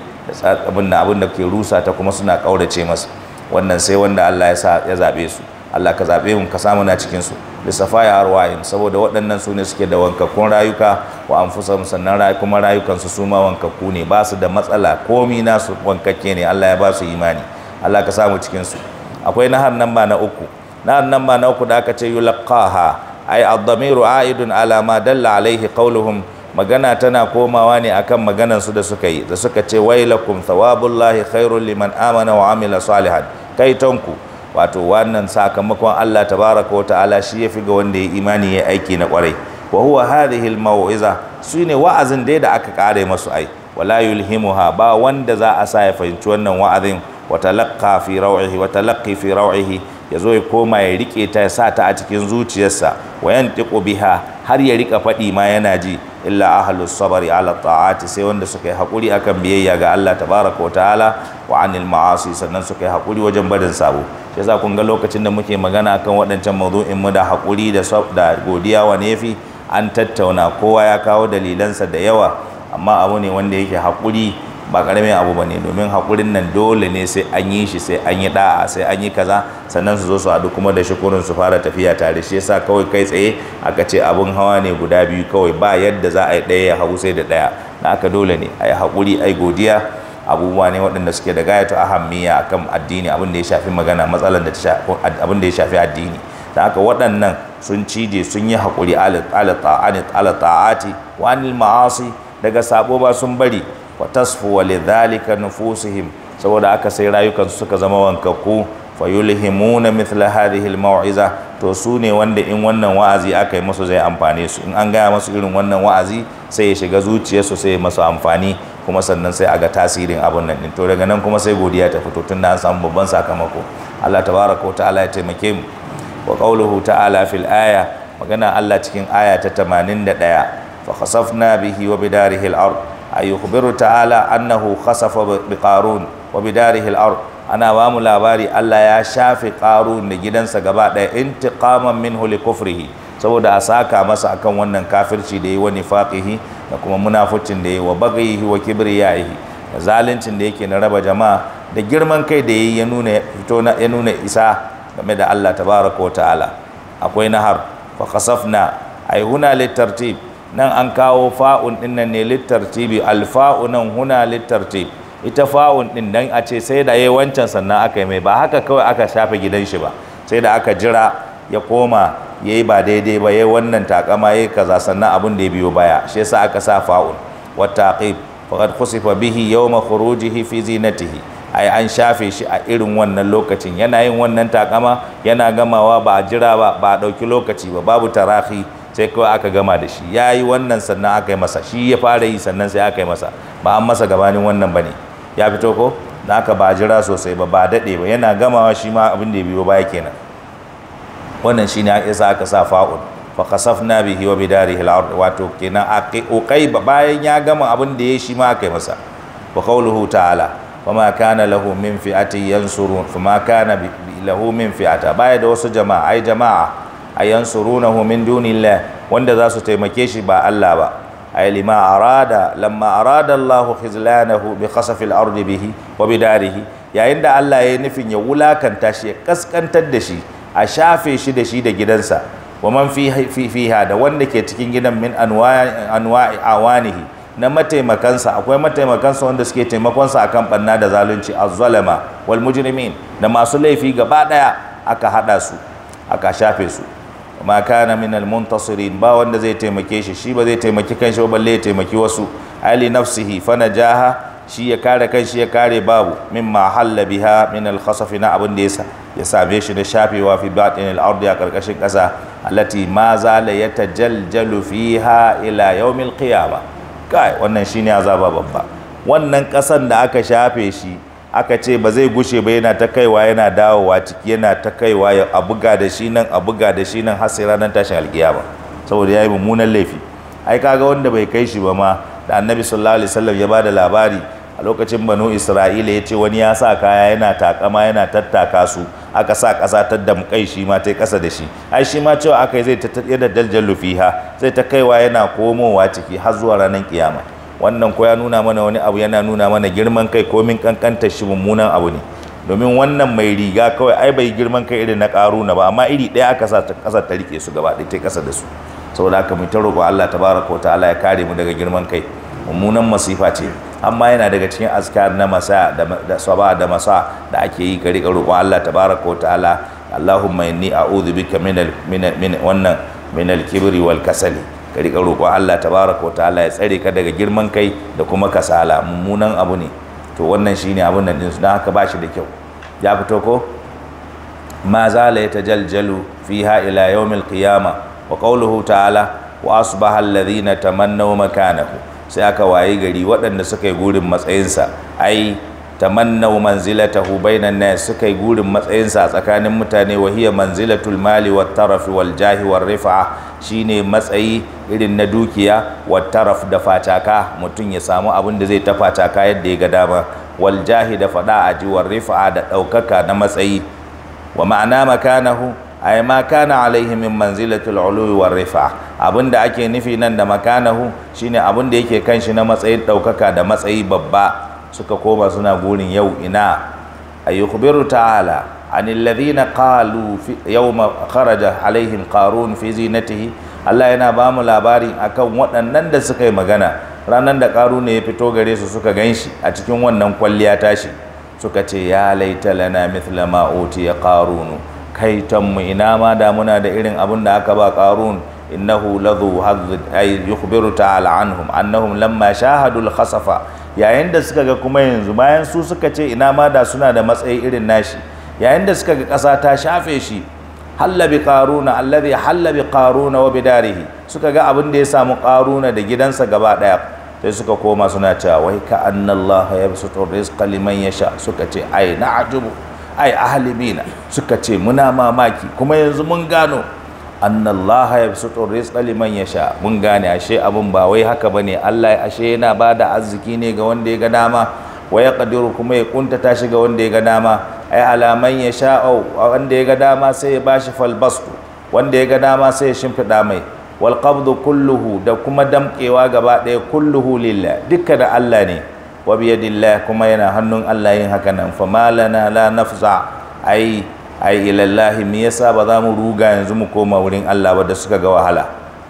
abin da abin da ke rusa ta kuma suna ƙaurace masa wannan sai wanda Allah ya zaɓe su Allah ka zaɓe mu ka samu na cikin su lissafa ya arwayin saboda waɗannan su suke da wankakkun rayuka wa anfusum sannan kuma rayukan su suma wankakku ne ba su da matsala komi su wankakke ne Allah ya ba su imani Allah ka samu cikin su akwai nahar nan ba na uku nahar nan ba na uku da aka ce yulqaha ai ad aidun ala ma dalla alaihi qawluhum magana tana komawa ne akan maganan su da suka yi da suka ce wailakum thawabullahi khairul liman amana wa amila salihan kai tonku wato wannan sakamakon Allah tabaraka wa ta'ala shi yafi ga wanda ya imani ya aiki na kwarai wa huwa hadhihi al shine wa'azin dai da aka kare masu ai wala yulhimuha ba wanda za a sa ya fahimci wannan wa'azin wa talaqqa fi raw'ihi wa talaqqi fi raw'ihi ya zo ya koma ya rike ta ya sa ta a cikin zuciyarsa wa yan biha har ya rika faɗi ma yana ji illa ahlus sabari ala ta'ati sai wanda suka yi hakuri akan biyayya ga Allah tabaraka wa ta'ala wa anil ma'asi sannan suka yi hakuri wajen barin sabo shi yasa kun ga lokacin da muke magana akan waɗancan mawdu'in mu da hakuri da da godiya wa nefi an tattauna kowa ya kawo dalilansa da yawa amma abu ne wanda yake hakuri ba karamin abu ba ne domin haƙurin nan dole ne sai an yi shi sai an yi ɗa'a sai an yi kaza sannan su zo su haɗu kuma da shukurin su fara tafiya tare shi yasa kawai kai tsaye aka ce abun hawa ne guda biyu kawai ba yadda za a yi ɗaya ya hagu sai da ɗaya na aka dole ne a yi haƙuri a godiya abubuwa ne waɗanda suke da gayatu ahammiya kan addini abin da ya shafi magana matsalar da abin ya shafi addini da aka waɗannan sun cije sun yi haƙuri ala ta'ati ma'asi daga sabo ba sun bari wa tasfu wa lidhalika nufusihim saboda aka sai rayukansu suka zama wankakku fa yulhimuna mithla hadhihi almau'iza to su ne wanda in wannan wa'azi aka yi musu zai amfane su in an gaya musu irin wannan wa'azi sai ya shiga zuciyarsu sai ya masu amfani kuma sannan sai a ga tasirin abun nan din to daga nan kuma sai godiya ta fito tunda an samu babban sakamako Allah tabaraka wa ta'ala ya taimake mu wa qawluhu ta'ala fil aya magana Allah cikin aya ta 81 fa khasafna bihi wa bidarihi al-ard ayyukhbiru ta'ala annahu khasafa bi qarun wa bidarihi al ana ba mu labari Allah ya shafe qarun da gidansa gaba daya intiqaman minhu min kufrihi saboda a saka masa akan wannan kafirci da yi wa nifaqihi da kuma munafucin da yi wa baghihi wa kibriyahi da zaluncin da yake na raba jama'a da girman kai da yi ya nuna fito na ya nuna isa game da Allah tabaraka wa ta'ala akwai nahar fa khasafna ay huna litartib nan an kawo fa'un ɗin nan ne littartibi alfa’un nan huna littartib ita fa'un ɗin nan a ce sai da yi wancan sannan aka yi mai ba haka kawai aka shafe gidan shi ba sai da aka jira ya koma ya yi ba daidai ba ya yi wannan takama ya yi kaza sannan abin da ya biyo baya shi yasa aka sa fa'un wata taqib faqad kusufa bihi ma khurujihi fi zinatihi ai an shafe shi a irin wannan lokacin yana yin wannan takama yana gamawa ba a jira ba ba a ɗauki lokaci ba babu tarahi sai kawai aka gama da shi ya yi wannan sannan aka yi masa shi ya fara yi sannan sai aka yi masa ba an masa gabanin wannan ba ne ya fito ko na aka ba jira sosai ba ba daɗe ba yana gamawa shi ma abin da ya biyo baya kenan wannan shi ne ya sa aka sa fa'ul fa na bihi wa dari al-ard wato kenan ba bayan ya gama abin da ya shi ma aka yi masa wa qawluhu ta'ala ma kana lahu min fi'atin yansurun ma kana lahu min fi'ata baya da wasu jama'a ai jama'a a ayansurunahu min dunillah wanda za su taimake shi ba Allah ba ay lima arada lamma arada Allahu khizlanahu bi khasafil ardi bihi wa bidarihi yayin da Allah ya nufin ya wulakanta shi ya kaskantar da shi a shafe shi da shi da gidansa wa man fiha da wanda ke cikin gidan min anwa'i awanihi na mataimakansa akwai mataimakansa wanda suke taimakonsa akan banna da zalunci azzalama wal mujrimin da masu laifi gaba daya aka hada su aka shafe su ma kana muntasirin ba wanda zai taimake shi shi ba zai taimaki shi ba balle ya taimaki wasu ali nafsihi fa najaha shi ya kare kanshi ya kare babu mimma halla biha min al na abin da ya same shi da shafewa fi batin al ardi ya karkashin kasa allati ma zala yatajaljalu fiha ila al qiyamah kai wannan shine azaba babba wannan kasan da aka shafe shi aka ce ba zai gushe ba yana ta kaiwa yana dawowa ciki yana ta kaiwa ya a buga da shi nan a da shi nan har sai ranar tashin alkiyama saboda ya yi mummunan laifi ai kaga wanda bai kai shi ba ma da annabi sallallahu alaihi wasallam ya bada labari a lokacin banu isra'ila ya ce wani ya sa kaya yana takama yana tattaka su aka sa ƙasa ta damƙai shi ma ta ƙasa da shi ai shi ma cewa aka yi zai ta yadda daljallu fiha zai ta kaiwa yana komowa ciki har zuwa ranar kiyama wannan ko ya nuna mana wani abu yana nuna mana girman kai ko min kankantar shi mummunan abu ne domin wannan mai riga kawai ai bai girman kai irin na na ba amma iri ɗaya aka sa ƙasa ta rike su gaba ɗaya ta ƙasa da su saboda haka mu ta roƙo Allah tabaraka wa ta'ala ya kare mu daga girman kai mummunan masifa ce amma yana daga cikin azkar na masa da saba da masa da ake yi ka riƙa roƙo Allah tabaraka wa ta'ala Allahumma inni a'udhu bika min wannan min kibri wal kasali ka riƙa roƙon Allah tabaraka wa ta'ala ya tsare ka daga girman kai da kuma kasala mummunan abu ne to wannan shine abun nan din su dan haka bashi da kyau ya fito ko ma zala yatajaljalu fiha ila yawmil qiyama wa qawluhu ta'ala wa asbaha alladhina tamannaw makanahu sai aka wayi gari waɗanda suka yi gurin matsayinsa ai tamannau manzilatahu an nas sukai gurin matsayinsa a tsakanin mutane wa hiya manzilatul mali wat taraf wal jahi wal rifa shine matsayi irin na dukiya wat taraf da fataka mutum ya samu abin da zai ta fataka yadda ya ga dama wal jahi da fada ji wal rifa da daukaka na matsayi wa ma'ana makanahu ay ma kana alaihi min manzilatul ului wal rifa abinda ake nufi nan da makanahu shine abin da yake kan shi na matsayin daukaka da matsayi babba suka koma suna burin yau ina ayyukhbiru ta'ala anil ladhina qalu ma kharaja alaihim qarun fi zinatihi Allah yana ba mu labarin akan waɗannan da suka yi magana ranar da karu ne ya fito gare su suka gan shi a cikin wannan kwalliya tashi suka ce ya laita lana mithla ma ya karunu kaitan mu ina ma da muna da irin abin da aka ba karunu innahu ladhu hadd ay yukhbiru ta'ala anhum annahum lamma shahadu al-khasafa yayin da suka ga kuma yanzu bayan su suka ce ina ma da suna da matsayi irin nashi yayin da suka ga ƙasa ta shafe shi halla bi qaruna alladhi halla bi qaruna wa suka ga abin da ya samu qaruna da gidansa gaba daya sai suka koma suna cewa wai ka annallaha yabsutu rizqa liman yasha suka ce ai na'jubu ai ahli bina suka ce muna mamaki kuma yanzu mun gano annallaha yabsutu rizqa liman sha mun gane ashe abun ba wai haka bane Allah ya ashe yana bada arziki ne ga wanda ya ga dama wa yaqdiru kuma ya kunta tashi ga wanda ya ga dama ai alaman yasha wanda ya ga dama sai ya bashi falbastu wanda ya ga dama sai ya shimfida mai wal qabdu kulluhu da kuma damkewa gaba daya kulluhu lillah dukka da Allah ne wa biyadillah kuma yana hannun Allah yin haka nan famalana la nafza ai ai ilallahi me yasa ba za mu ruga yanzu mu koma wurin Allah ba da suka ga wahala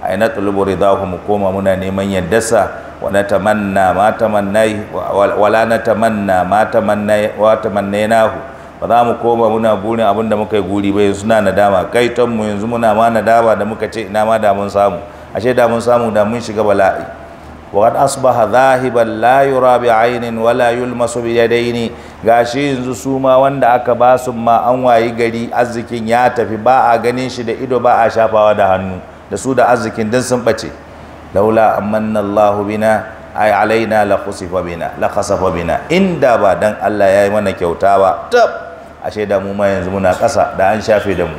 ai na tulubu ridahu mu koma muna neman yaddarsa wa tamanna ma tamannai wala tamanna ma tamannai wa tamannainahu ba za mu koma muna burin abin da muka yi guri ba yanzu na nadama kai mu yanzu muna ma nadama da muka ce ina ma da mun samu ashe da mun samu da mun shiga bala'i وقد أصبح ذاهبا لا يرى بعين ولا يلمس بيدين gashi yanzu su ma wanda aka ba su ma an wayi gari arzikin ya tafi ba a ganin shi da ido ba a shafawa da hannu da su da arzikin din sun bace laula amanna Allahu bina ai alaina la khusifa bina la khasafa bina inda ba dan Allah yayi mana kyauta ba tab ashe da mu ma yanzu muna ƙasa da an shafe da mu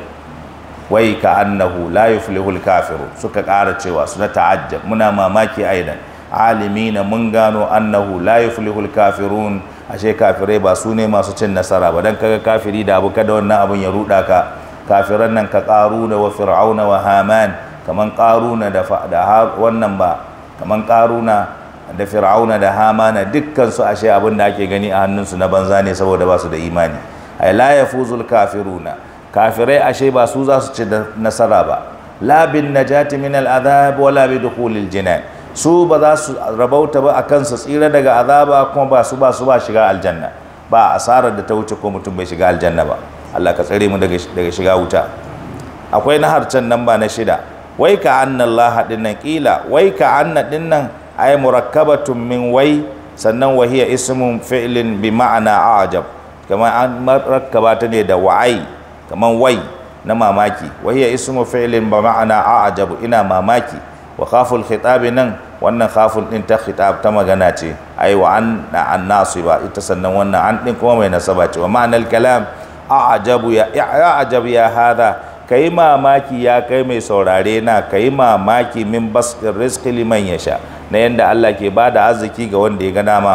wai ka annahu la yuflihul kafiru suka ƙara cewa suna ta'ajjab muna mamaki aidan alimina mun gano annahu la yuflihul kafirun ashe kafirai ba su ne masu cin nasara ba dan kaga kafiri da abu kada wannan abun ya ruda ka kafiran nan ka qaruna wa fir'auna wa haman kaman qaruna da da wannan ba kaman qaruna da fir'auna da hamana dukkan su ashe abin da ake gani a hannun su na banza ne saboda ba su da imani ay la yafuzul kafiruna kafirai ashe ba su za su ci nasara ba la bin najati min al adhab wala bi dukhulil jinan su ba za su rabauta ba a su tsira daga azaba kuma ba su ba su ba shiga aljanna ba asarar da ta wuce ko mutum bai shiga aljanna ba Allah ka tsare mu daga shiga wuta akwai na harcen nan ba na shida wai ka anna Allah dinnan kila wai ka anna dinnan ay murakkabatun min wai sannan wahiya ismun fi'lin bi ma'ana ajab kamar an ta ne da wa'ai kamar wai na mamaki wahiya ismu fi'lin ba ma'ana ajabu ina mamaki wa khaful khitabi nan wannan khaful din ta khitab ta magana ce ai wa an an ba ita sannan wannan an din kuma mai nasaba ce wa ma'anal kalam a'jabu ya ya'jabu ya hada kai mamaki ya kai mai saurare na kai mamaki min basqir rizqi liman yasha na yanda Allah ke bada arziki ga wanda ya ga dama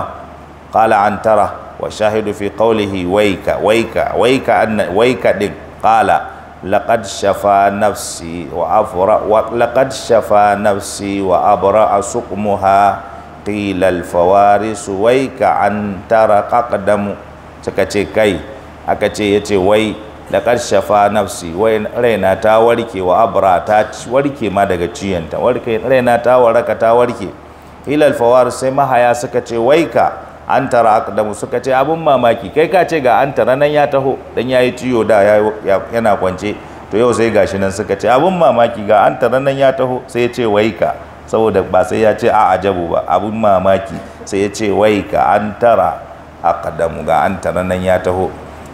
qala an tara wa shahidu fi qawlihi waika waika waika anna waika din qala laqad shafa nafsi wa afra wa laqad shafa nafsi wa abra suqmuha qila al fawaris waika an tara qadamu suka ce kai aka ce yace wai laqad shafa nafsi wai raina ta warke wa abra ta warke ma daga ciyanta warke raina ta waraka ta warke qila al fawaris sai mahaya suka ce wai ka. an tara aqdamu suka ce abun mamaki kai ka ce ga an tara nan ya taho dan yayi ciyo da yana kwance to yau sai gashi nan suka ce abun mamaki ga an tara nan ya taho sai ya ce waika saboda ba sai ya ce a ajabu ba abun mamaki sai ya ce waika an tara aqdamu ga an tara nan ya taho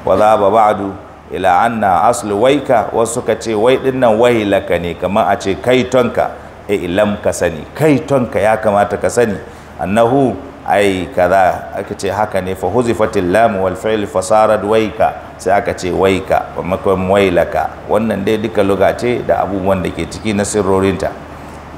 wa za ba ba'du ila anna aslu waika wasu suka ce wai dinnan laka ne kamar a ce kai tonka e ilam ka sani kai tonka ya kamata ka sani annahu ai kaza aka ce haka ne fa huzifatil lam wal fi'l fasarat waika sai aka ce waika wa wailaka wannan dai duka luga ce da abubuwan da ke ciki na sirrorinta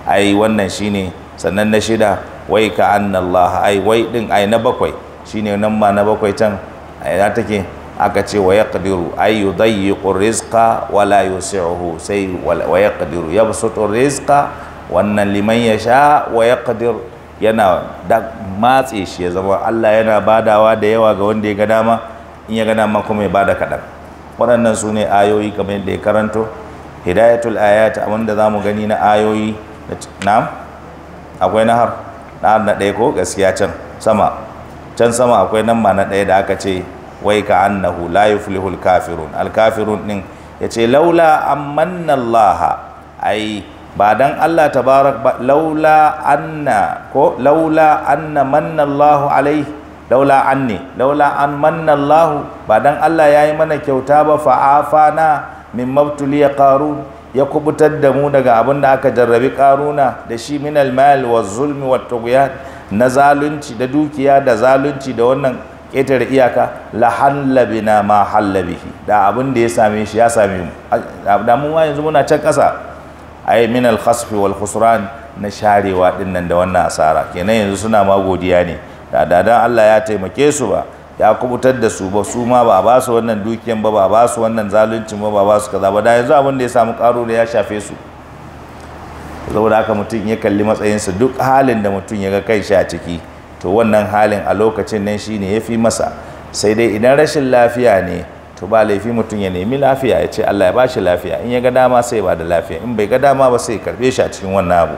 ai wannan shine sannan na shida waika annallaha ai wai din ai na bakwai shine nan ma na bakwai can ai na take aka ce wa yaqdiru ay yudayyiqu rizqa wa la yusihu sai wa yaqdiru yabsutu rizqa wannan liman yasha wa yaqdiru yana matse shi ya zama Allah yana badawa da yawa ga wanda ya ga dama in ya ga dama kuma ya bada kaɗan waɗannan su ne ayoyi kamar yadda ya karanto hidayatul ayat abinda za mu gani na ayoyi na akwai na har na ɗaya ko gaskiya can sama can sama akwai nan ma na ɗaya da aka ce wai ka annahu la yuflihul kafirun al kafirun din yace laula amanna allaha ai ba dan Allah tabarak ba laula anna ko laula anna manna Allahu alaihi laula anni laula an manna Allahu ba dan Allah yayi mana kyauta ba fa afana min ya qarun ya kubutar da mu daga abin da aka jarrabi karuna da shi min almal wa zulmi wa tughyan na zalunci da dukiya da zalunci da wannan ƙetare iyaka La lahallabina ma hallabihi da abin da ya same shi ya same mu da yanzu muna can ƙasa ai min al wal khusran na sharewa dinnan da wannan asara kenan yanzu suna ma godiya ne da dadan Allah ya taimake su ba ya kubutar da su ba su ma ba ba su wannan dukiyan ba ba ba su wannan zaluncin ba ba ba su kaza ba da yanzu abin da ya samu karo da ya shafe su saboda haka mutum ya kalli matsayinsa duk halin da mutum ya ga kai shi a ciki to wannan halin a lokacin nan shine ya fi masa sai dai idan rashin lafiya ne to ba laifi mutum ya nemi lafiya ya ce Allah ya ba shi lafiya in ya ga dama sai ba da lafiya in bai ga dama ba sai karbe shi a cikin wannan abu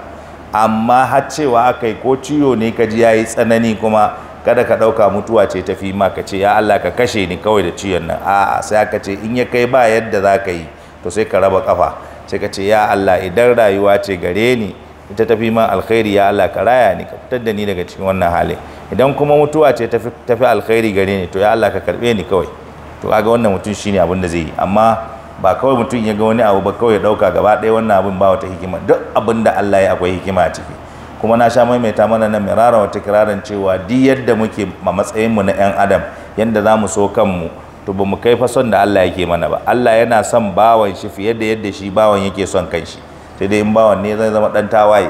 amma har cewa akai ko ciwo ne ka ji yayi tsanani kuma kada ka ɗauka mutuwa ce tafi ma ka ce ya Allah ka kashe ni kawai da ciwon nan a'a sai aka ce in ya kai ba yadda za ka yi to sai ka raba kafa sai ka ce ya Allah idan rayuwa ce gare ni ita tafi ma alkhairi ya Allah ka raya ni ka fitar da ni daga cikin wannan hali idan kuma mutuwa ce tafi alkhairi gare ni to ya Allah ka karbe ni kawai to kaga wannan mutum shine abin da zai yi amma ba kawai mutum ya ga wani abu ba kawai ya dauka gaba ɗaya wannan abin ba wata hikima duk abin da Allah ya akwai hikima a ciki kuma na sha maimaita mana nan mirara wata kiraran cewa di yadda muke a matsayin mu na yan adam yadda za mu so kanmu to ba mu kai fa son da Allah yake mana ba Allah yana son bawan shi fiye da yadda shi bawan yake son kanshi sai dai in bawan ne zai zama dan tawaye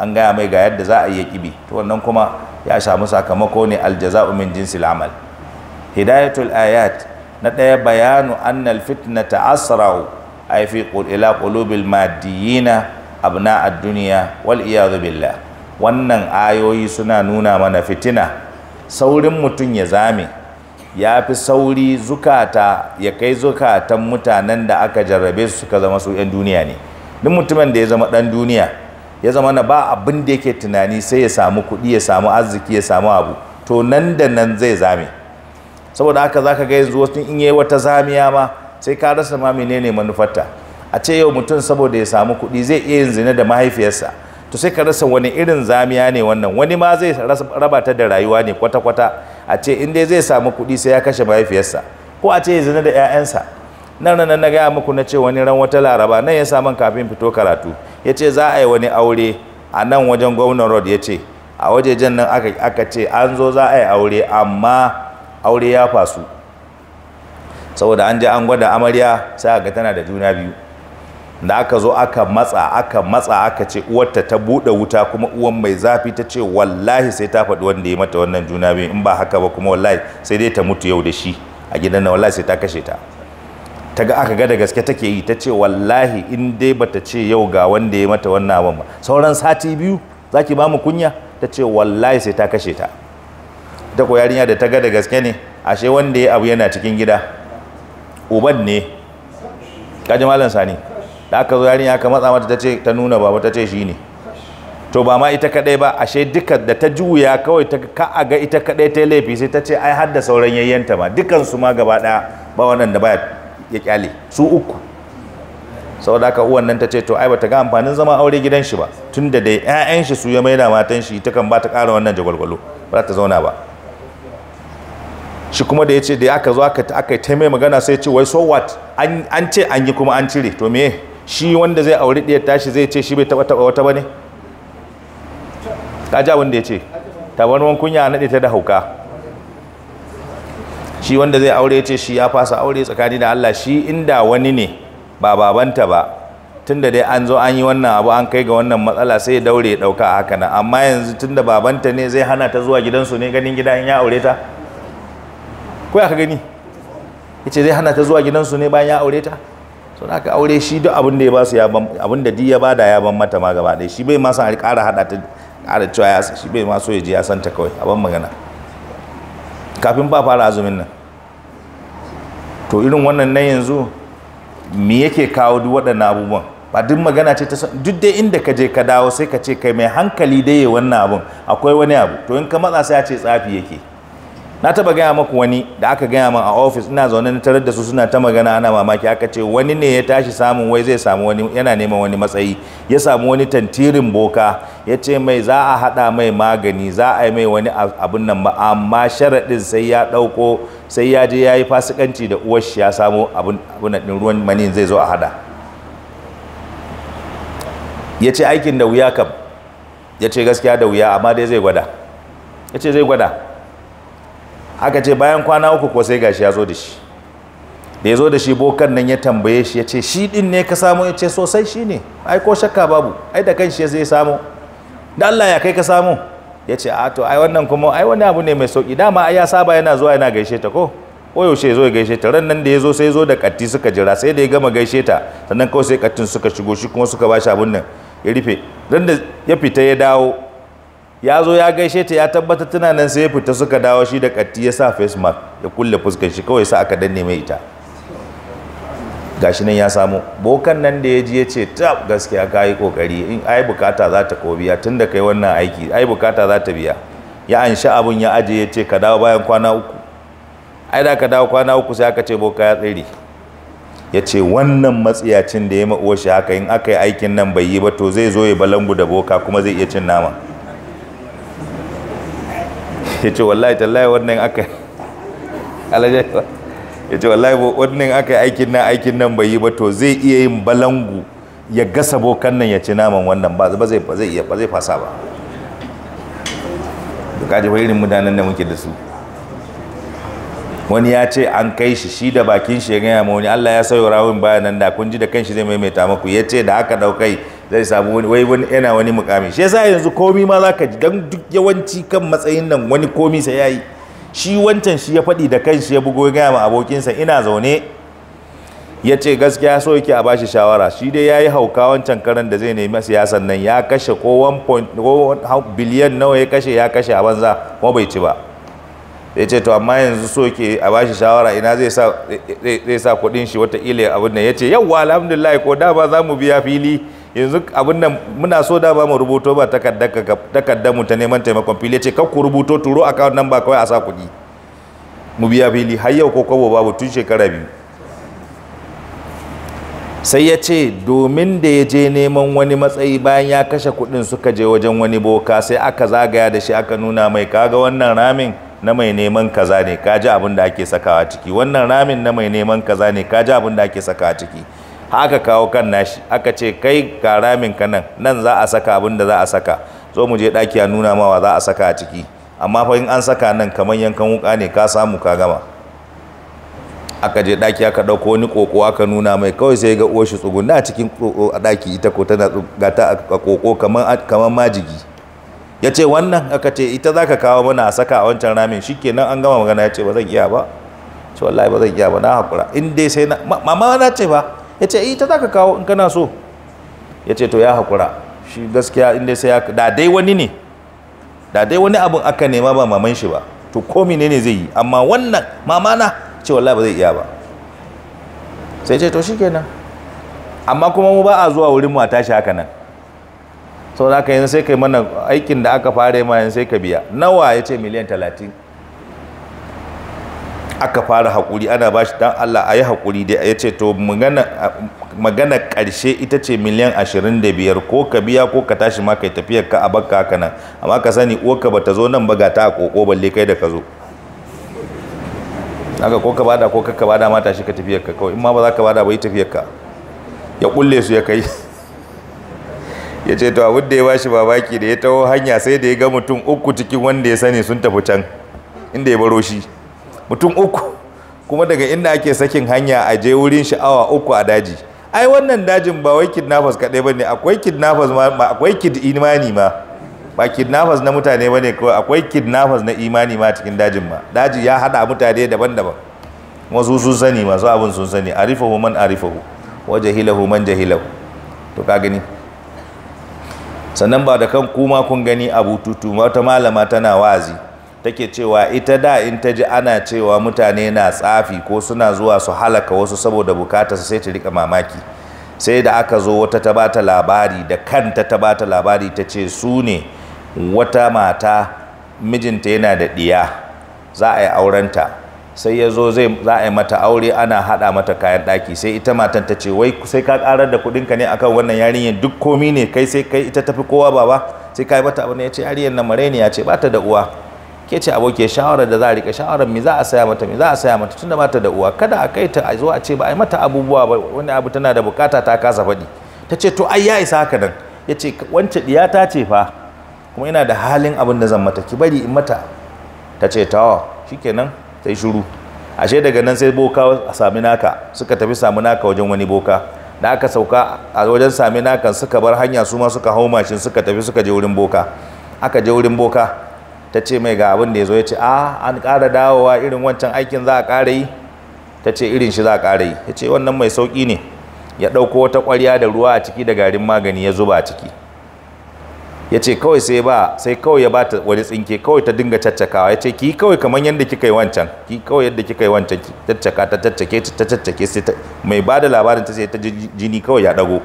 an gaya mai ga yadda za a yi kibi to wannan kuma ya samu sakamako ne aljaza'u min jinsil amal hidayatul ayat na ɗaya bayanu annal ta asra'u ay fi ila qulubil madiyina abna ad-dunya wal iyadu billah wannan ayoyi suna nuna mana fitina saurin mutum ya zame ya fi sauri zukata ya kai zukatan mutanen da aka jarrabe su suka zama su 'yan duniya ne duk mutumin da ya zama ɗan duniya ya zama na ba abin da yake tunani sai ya samu kuɗi ya samu arziki ya samu abu to nan da nan zai zame saboda haka zaka ga yanzu wasu in yayi wata zamiya ma sai ka rasa ma menene manufarta a ce yau mutum saboda ya samu kuɗi zai iya yin zina da mahaifiyarsa to sai ka rasa wani irin zamiya ne wannan wani ma zai raba ta da rayuwa ne kwata-kwata a ce in dai zai samu kuɗi sai ya kashe mahaifiyarsa ko a ce ya zina da 'ya'yansa nan nan na gaya muku na ce wani ran wata laraba nan ya saman kafin fito karatu ya ce za a yi wani aure a nan wajen gwamnan road ya ce a wajejen nan aka ce an zo za a yi aure amma aure ya fasu saboda an ji an gwada amarya sai ga tana da juna biyu da aka zo aka matsa aka matsa aka ce uwarta ta buɗe wuta kuma uwan mai zafi ta ce wallahi sai ta faɗi wanda ya mata wannan juna biyu in ba haka ba kuma wallahi sai dai ta mutu yau da shi a gidan na wallahi sai ta kashe ta ta ga aka ga da gaske take yi ta ce wallahi in dai bata ce yau ga wanda ya mata wannan abin ba sauran sati biyu zaki ba mu kunya ta ce wallahi sai ta kashe ta ta ko yarinya da ta ga da gaske ne ashe wanda ya abu yana cikin gida uban ne kaji malam sani da aka zo yarinya aka matsa mata ta ce ta nuna baba ta ce shi ne to ba ma ita kadai ba ashe duka da ta juya kawai ta ka a ga ita kadai ta laifi sai ta ce ai har da sauran yayyanta ma dukan su ma gaba daya ba wannan da baya ya kyale su uku da aka uwan nan ta ce to ai bata ga amfanin zama aure gidan shi ba tunda da 'ya'yan shi su ya maida matan shi ta kan ba ta kara wannan jagwalgwalo ba za ta zauna ba shi kuma da ya ce da aka zo aka yi ta mai magana sai ce wai so what an ce an yi kuma an cire to me shi wanda zai auri ɗaya tashi zai ce shi bai taɓa taɓa wata ba ne ka ji abin da ya ce tabarwan kunya naɗe ta da hauka shi wanda zai aure ya ce shi ya fasa aure tsakani da Allah shi inda wani ne ba babanta ba tun da dai an zo an yi wannan abu an kai ga wannan matsala sai ya daure ya ɗauka a haka nan amma yanzu tun da babanta ne zai hana ta zuwa gidansu ne ganin gida in ya aure ta ko ya ka gani ya ce zai hana ta zuwa gidansu ne bayan ya aure ta so da aka aure shi duk abin da ya basu abin da ya bada ya ban mata ma gaba ɗaya shi bai ma san a ƙara hada ta ƙara cewa ya shi bai ma so ya ji ya san ta kawai a ban magana kafin ba fara azumin nan to irin wannan na yanzu me yake kawo duk waɗannan abubuwan ba duk magana ce ta duk dai inda ka je ka dawo sai ka ce kai mai hankali dai wannan abun akwai wani abu to in ka matsa sai a ce tsafi yake na taba gaya maku wani da aka gaya min a ofis ina zaune na tarar da su suna ta magana ana mamaki aka ce wani ne ya tashi samun wai zai samu wani yana neman wani matsayi ya samu wani tantirin boka ya ce mai za a haɗa mai magani za a yi mai wani abun nan ba amma sharaɗin sai ya ɗauko sai ya je ya yi fasikanci da uwar ya samu abin da ruwan manin zai zo a haɗa ya ce aikin da wuya kam ya ce gaskiya da wuya amma dai zai gwada ya ce zai gwada aka ce bayan kwana uku ko sai gashi ya zo da shi da ya zo da shi bokan nan ya tambaye shi ya ce shi din ne ka samu ya ce sosai shi ne ai ko shakka babu ai da kan shi zai samu da Allah ya kai ka samu ya ce a to ai wannan kuma ai wani abu ne mai sauki dama ai ya saba yana zuwa yana gaishe ta ko ko yaushe zo ya gaishe ta ran nan da ya zo sai zo da katti suka jira sai da ya gama gaishe ta sannan kawai sai kattin suka shigo shi kuma suka ba shi abun nan ya rufe ran da ya fita ya dawo ya zo ya gaishe ta ya tabbatar tana nan sai ya fita suka dawo shi da katti ya sa face mask ya kulle fuskar shi kawai sa aka danne mai ita gashi nan ya samu bokan nan da ya ji ya ce ta gaskiya ka yi kokari in ai bukata za ta ko biya tun da kai wannan aiki ai bukata za ta biya ya an sha abun ya aje ya ce ka dawo bayan kwana uku ai da ka dawo kwana uku sai aka ce boka ya tsere ya ce wannan matsiyacin da ya ma shi haka in aka yi aikin nan bai yi ba to zai zo ya balangu da boka kuma zai iya cin nama ya ce wallahi tallahi wannan aka alajawa ya ce wallahi wannan aka aikin nan aikin nan bai yi ba to zai iya yin balangu ya gasa bokan nan ya ci naman wannan ba zai ba zai iya ba zai fasa ba kaji ji irin mutanen da muke da su wani ya ce an kai shi shi da bakin shi ya gaya ma wani Allah ya sauya rawun bayanan da kun ji da kanshi zai maimaita maku ya ce da aka daukai zai samu wani wai wani yana wani mukami shi yasa yanzu komi ma zaka ji dan duk yawanci kan matsayin nan wani komi sai yayi shi wancan shi ya faɗi da kanshi ya bugo gaya ma abokinsa ina zaune ya ce gaskiya so yake a bashi shawara shi dai yayi hauka wancan karan da zai nemi siyasan nan ya kashe ko 1.5 biliyan nawa ya kashe ya kashe a banza kuma bai ci ba ya to amma yanzu so yake a bashi shawara ina zai sa kuɗin shi ile abin nan ya ce yawwa alhamdulillah ko da ba za mu biya fili yanzu abin da muna so da ba mu rubuto ba takardar mu ta neman taimakon fili ce kan ku rubuto turo a nan ba kawai a sa kuɗi mu biya fili har yau ko kwabo babu tun shekara biyu sai ya ce domin da ya je neman wani matsayi bayan ya kashe kuɗin suka je wajen wani boka sai aka zagaya da shi aka nuna mai kaga wannan ramin na mai neman kaza ne kaji abin da ake sakawa ciki wannan ramin na mai neman kaza ne kaji abin da ake sakawa ciki haka kawo kan nashi aka ce kai ga ramin ka nan nan za a saka abin da za a saka zo mu je ɗaki a nuna mawa za a saka a ciki amma fa in an saka nan kamar yankan wuka ne ka samu ka gama aka je ɗaki aka ɗauko wani koko aka nuna mai kawai sai ga oshi tsugunna a cikin a ɗaki ita ko tana gata a ƙoƙo kamar majigi ya ce wannan aka ce ita za ka kawo mana a saka a wancan ramin shi kenan an gama magana ya ce ba zan iya ba ce wallahi ba zan iya ba na haƙura in dai sai na mama na ce ba ya ce eh, ita za ka kawo in kana so ya ce to ya haƙura shi gaskiya inda sai ya da dai wani ne da dai wani abin aka nema ba maman shi ba to komi ne ne zai yi amma wannan mamana ce wallah ba zai iya ba sai ce to shi kenan. amma kuma mu ba a zuwa wurin mu a tashi haka nan da haka yanzu sai ka yi mana aikin da aka fara yi ma yanzu sai ka biya nawa ya ce miliyan talatin aka fara haƙuri ana bashi dan Allah a yi haƙuri dai ya ce to magana ƙarshe ita ce miliyan ashirin da biyar ko ka biya ko ka tashi ma kai tafiyar ka a bakka haka nan amma ka sani uwarka ba ta zo nan ba ga ta a ƙoƙo balle kai da ka zo haka ko ka bada ko ka bada ma tashi ka tafiyar ka kawai in ma ba za ka bada ba yi tafiyar ka ya kulle su ya kai <laughs> ya ce to abin da ya bashi babaki da ya taho hanya sai da ya ga mutum uku cikin wanda ya sani sun tafi can inda ya baro shi mutum uku kuma daga inda ake sakin hanya a je wurin sha'awa uku a daji ai wannan dajin ba wai kidnappers kaɗai ba ne akwai kidnappers ma akwai kid imani ma ba kidnappers na mutane ba ne kawai akwai kidnappers na imani ma cikin dajin ma daji ya haɗa mutane daban-daban wasu sun sani masu abin sun sani arifahu man arifahu wa jahilahu man jahilahu to ka gani sannan ba da kan kuma kun gani abu tutu wata malama tana wa'azi take cewa ita da in ta ji ana cewa mutane na tsafi ko suna zuwa su halaka wasu saboda bukatarsa sai ta rika mamaki sai da aka zo wata ta bata labari da kanta ta bata labari ta ce su ne wata mata mijinta yana da ɗiya za a yi aurenta sai ya zo zai za a yi mata aure ana haɗa mata kayan ɗaki sai ita matan ta ce wai sai ka ƙarar da kuɗinka ne akan wannan yarinyar duk komi ne kai sai kai ita tafi kowa baba sai ka yi mata abu ne ya ce yarinyar na mare ne ya ce bata da uwa ke ce aboke shawarar da za a rika shawarar me za a saya mata me za a saya mata tunda mata da uwa kada a kai ta a zo a ce ba a yi mata abubuwa ba wani abu tana da bukata ta kasa faɗi ta ce to ai ya isa haka nan ya ce wance ta ce fa kuma ina da halin abin da zan mata ki bari in mata ta ce tawa shikenan sai shuru. ashe daga nan sai boka a sami naka suka tafi sami naka wajen wani boka da aka sauka a wajen sami nakan suka bar hanya su ma suka hau mashin suka tafi suka je wurin boka aka je wurin boka ta ce mai ga abin da ya zo ya ce a ah, an ƙara dawowa irin wancan aikin za a ƙara yi ta ce irin shi za a ƙara yi ya ce wannan mai sauƙi ne ya ɗauko wata ƙwarya da ruwa a ciki da garin magani ya zuba a ciki ya ce kawai sai ba sai kawai ya bata wani tsinke kawai ta dinga caccakawa ya ce ki kawai kamar yadda kika yi wancan ki kawai yadda kika yi wancan ki caccaka ta caccake ta caccake sai mai ba da labarin ta sai ta jini kawai ya ɗago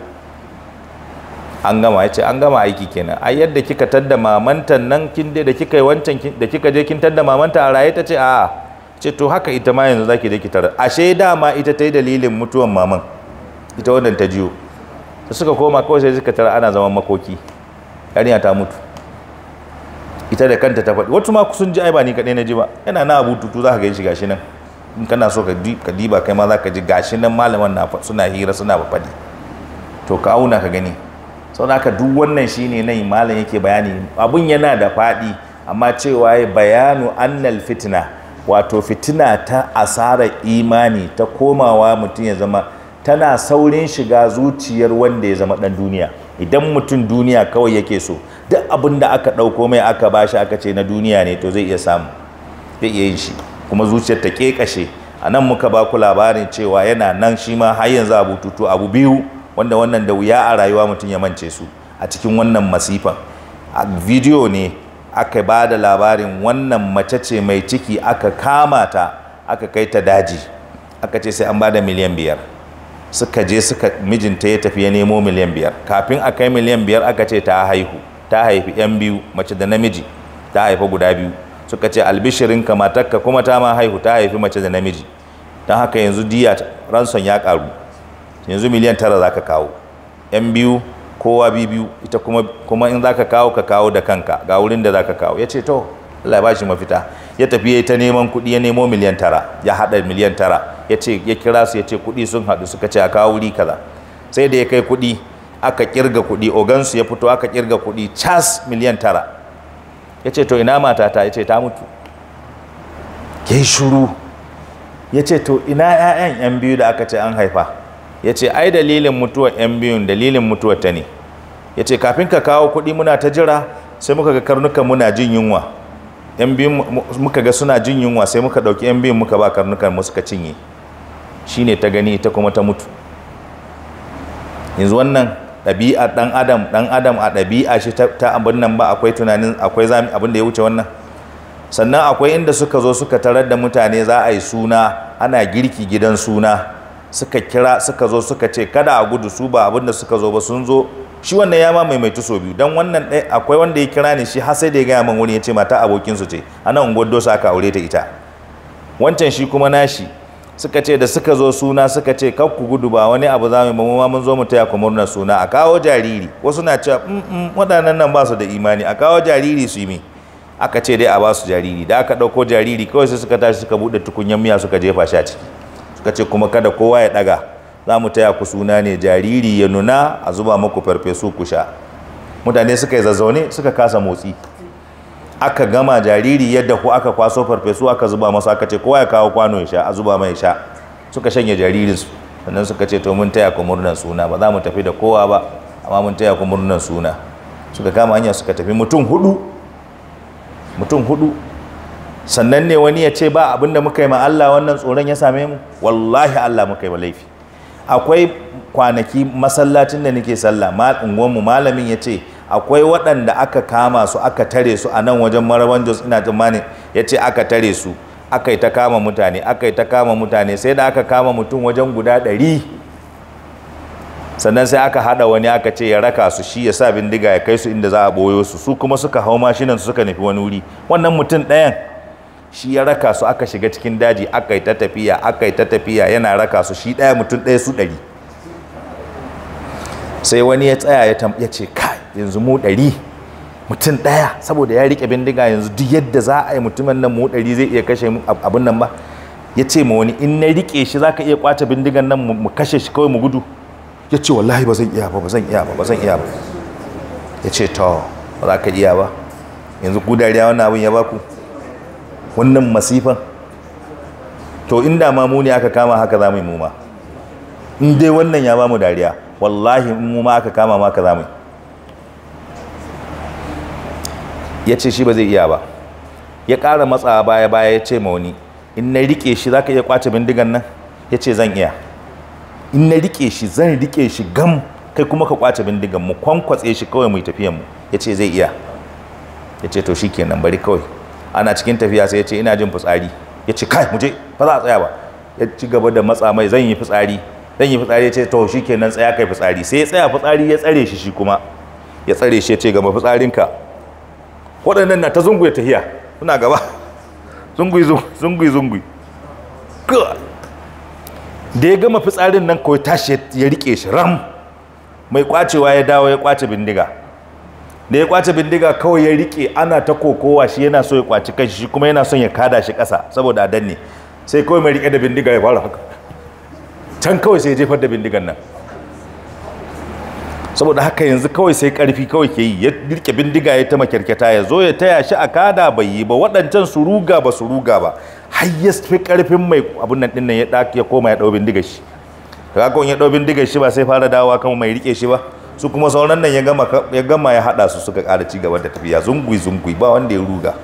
an gama ya ce an gama aiki kenan ai yadda kika tadda mamantan nan kin dai da kika yi wancan da kika je kin tadda mamanta a raye ta ce a ce to haka ita ma yanzu zaki je ki tarar ashe dama ita ta yi dalilin mutuwan maman ita wannan ta jiyo da suka koma kawai sai suka tara ana zaman makoki yarinya ta mutu ita da kanta ta faɗi wasu ma sun ji ai ba ni kaɗai na ji ba yana na abu tutu za ka shi gashi nan in kana so ka diba kai ma za ka ji gashi nan malaman suna hira suna faɗi to ka auna ka gani sauna ka duk wannan shine nan malam yake bayani abun yana da faɗi amma cewa ya bayanu annal fitina wato fitina ta asarar imani ta komawa mutum ya zama tana saurin shiga zuciyar wanda ya zama ɗan duniya idan mutum duniya kawai yake so duk abin da aka ɗauko mai aka ba shi aka ce na duniya ne to zai iya samu zai iya yin shi kuma zuciyar ta ƙeƙashe a nan muka ba ku labarin cewa yana nan shi ma har yanzu abu tutu abu biyu wanda wannan da wuya a rayuwa mutum ya mance su a cikin wannan masifan a bidiyo ne aka ba da labarin wannan mace ce mai ciki aka kama ta aka kai ta daji aka ce sai an ba da miliyan biyar suka je suka mijinta ya tafi ya nemo miliyan biyar kafin a kai miliyan biyar aka ce ta haihu ta haifi yan biyu mace da namiji ta haifi guda biyu suka ce albishirin ka matarka kuma ta ma haihu ta haifi mace da namiji don haka yanzu diya ranson ya karu yanzu miliyan tara za ka kawo yan biyu kowa biyu ita kuma in za ka kawo ka kawo da kanka ga wurin da za ka kawo ya ce to Allah ya bashi mafita ya tafi ya ta neman kuɗi ya nemo miliyan tara ya haɗa miliyan tara ya ce ya kira su ya ce kuɗi sun haɗu suka ce a kawo wuri kaza sai da ya kai kuɗi aka kirga kuɗi ogansu ya fito aka kirga kuɗi cas miliyan tara ya ce to ina matata ya ce ta mutu ya shuru ya ce to ina 'ya'yan 'yan biyu da aka ce an haifa ya ce ai dalilin mutuwa yan biyun dalilin mutuwa ta ne ya ce kafin ka kawo kuɗi muna ta jira sai muka ga karnuka muna jin yunwa yan biyun muka ga suna jin yunwa sai muka ɗauki yan biyun muka ba karnukan mu suka cinye shi ne ta gani ita kuma ta mutu yanzu wannan ɗabi'a ɗan adam ɗan adam a ɗabi'a shi ta abin nan ba akwai tunanin akwai zami abin da ya wuce wannan sannan akwai inda suka zo suka tarar da mutane za a yi suna ana girki gidan suna suka kira suka zo suka ce kada a gudu su ba abin da suka zo ba sun zo shi wannan ya ma maimaitu so biyu dan wannan ɗaya akwai wanda ya kira ni shi har sai da ya gaya min wani ya ce mata abokin su ce ana ungwado su aka aure ta ita wancan shi kuma nashi suka ce da suka zo suna suka ce kar ku gudu ba wani abu za mu ma mun zo mu taya ku murnar suna a kawo jariri wasu na cewa mm, mm waɗannan nan ba su da imani a kawo jariri su yi mi aka ce dai a ba su jariri da aka ɗauko jariri kawai sai suka tashi suka buɗe tukunyan miya suka jefa shi a ciki suka ce kuma kada kowa ya daga za mu taya ku suna ne jariri ya nuna a zuba muku farfesu ku sha mutane suka yi zazzaune suka kasa motsi aka gama jariri yadda ku aka kwaso farfesu aka zuba masa aka ce kowa ya kawo kwano ya sha a zuba mai sha suka shanye jaririnsu sannan suka ce to mun taya ku murnan suna ba za mu tafi da kowa ba amma mun taya ku murnan suna suka kama hanya suka tafi mutum hudu mutum hudu sannan ne wani ya ce ba abinda muka yi ma Allah wannan tsoron ya same mu wallahi Allah muka yi laifi akwai kwanaki masallacin da nake sallah mu malamin ya ce akwai waɗanda aka kama su aka tare su a nan wajen marawan jos ina tsammani ya ce aka tare su aka yi ta kama mutane aka yi ta kama mutane sai da aka kama mutum wajen guda ɗari sannan sai aka haɗa wani aka ce ya raka su shi ya sa bindiga ya kai su inda za a boyo su su kuma suka hau mashinansu suka nufi wani wuri wannan mutum ɗayan shi ya raka su aka shiga cikin daji aka yi ta tafiya aka yi ta tafiya yana raka su shi ɗaya mutum ɗaya su ɗari sai wani ya tsaya ya ce kai yanzu mu ɗari mutum ɗaya saboda ya riƙe bindiga yanzu duk yadda za a yi mutumin nan mu ɗari zai iya kashe abin nan ba ya ce ma wani in na riƙe shi za ka iya ƙwace bindigan nan mu kashe shi kawai mu gudu ya ce wallahi ba zan iya ba ba zan iya ba ba zan iya ba ya ce to ba za ka iya ba yanzu gudariya wani abin ya baku wannan masifan to inda ma mu ne aka kama haka za mu yi muma in dai wannan ya ba mu dariya wallahi mu ma aka kama ma ka za mu ya ce shi ba zai iya ba ya ƙara matsa baya baya ya ce ma wani in na rike shi za ka iya ƙwace bindigan nan ya ce zan iya in na rike shi zan rike shi gam kai kuma ka ƙwace bindigan mu kwankwatse shi kawai mu tafiyan mu ya ce zai iya ya ce to shi kenan bari kawai ana cikin tafiya sai ya ce ina jin fitsari ya ce kai muje fa za a tsaya ba ya ci gaba da matsa mai zan yi fitsari zan yi fitsari ya ce to shikenan tsaya kai fitsari sai ya tsaya fitsari ya tsare shi shi kuma ya tsare shi ya ce gama fitsarinka waɗannan na ta zungu ya tahiya suna gaba zungui zungui zungui da ya gama fitsarin nan kawai tashi ya rike shi ram mai kwacewa ya dawo ya kwace bindiga da ya kwace bindiga kawai ya rike ana ta kokowa shi yana so ya kwaci kai shi kuma yana son ya kada shi kasa saboda danne sai kawai mai rike da bindiga ya fara haka can kawai sai ya jefar da bindigan nan saboda haka yanzu kawai sai karfi kawai ke yi ya rike bindiga ya ta makyarkyata ya zo ya taya shi a kada bai yi ba waɗancan su ruga ba su ruga ba har ya fi karfin mai abun nan ɗin nan ya koma ya ɗau bindigar shi kaga kawai ya ɗau bindigar shi ba sai fara dawowa kan mai rike shi ba su kuma sauran nan ya gama ya hada su suka ƙara ci gaba da tafiya zungui zungui ba wanda ya ruga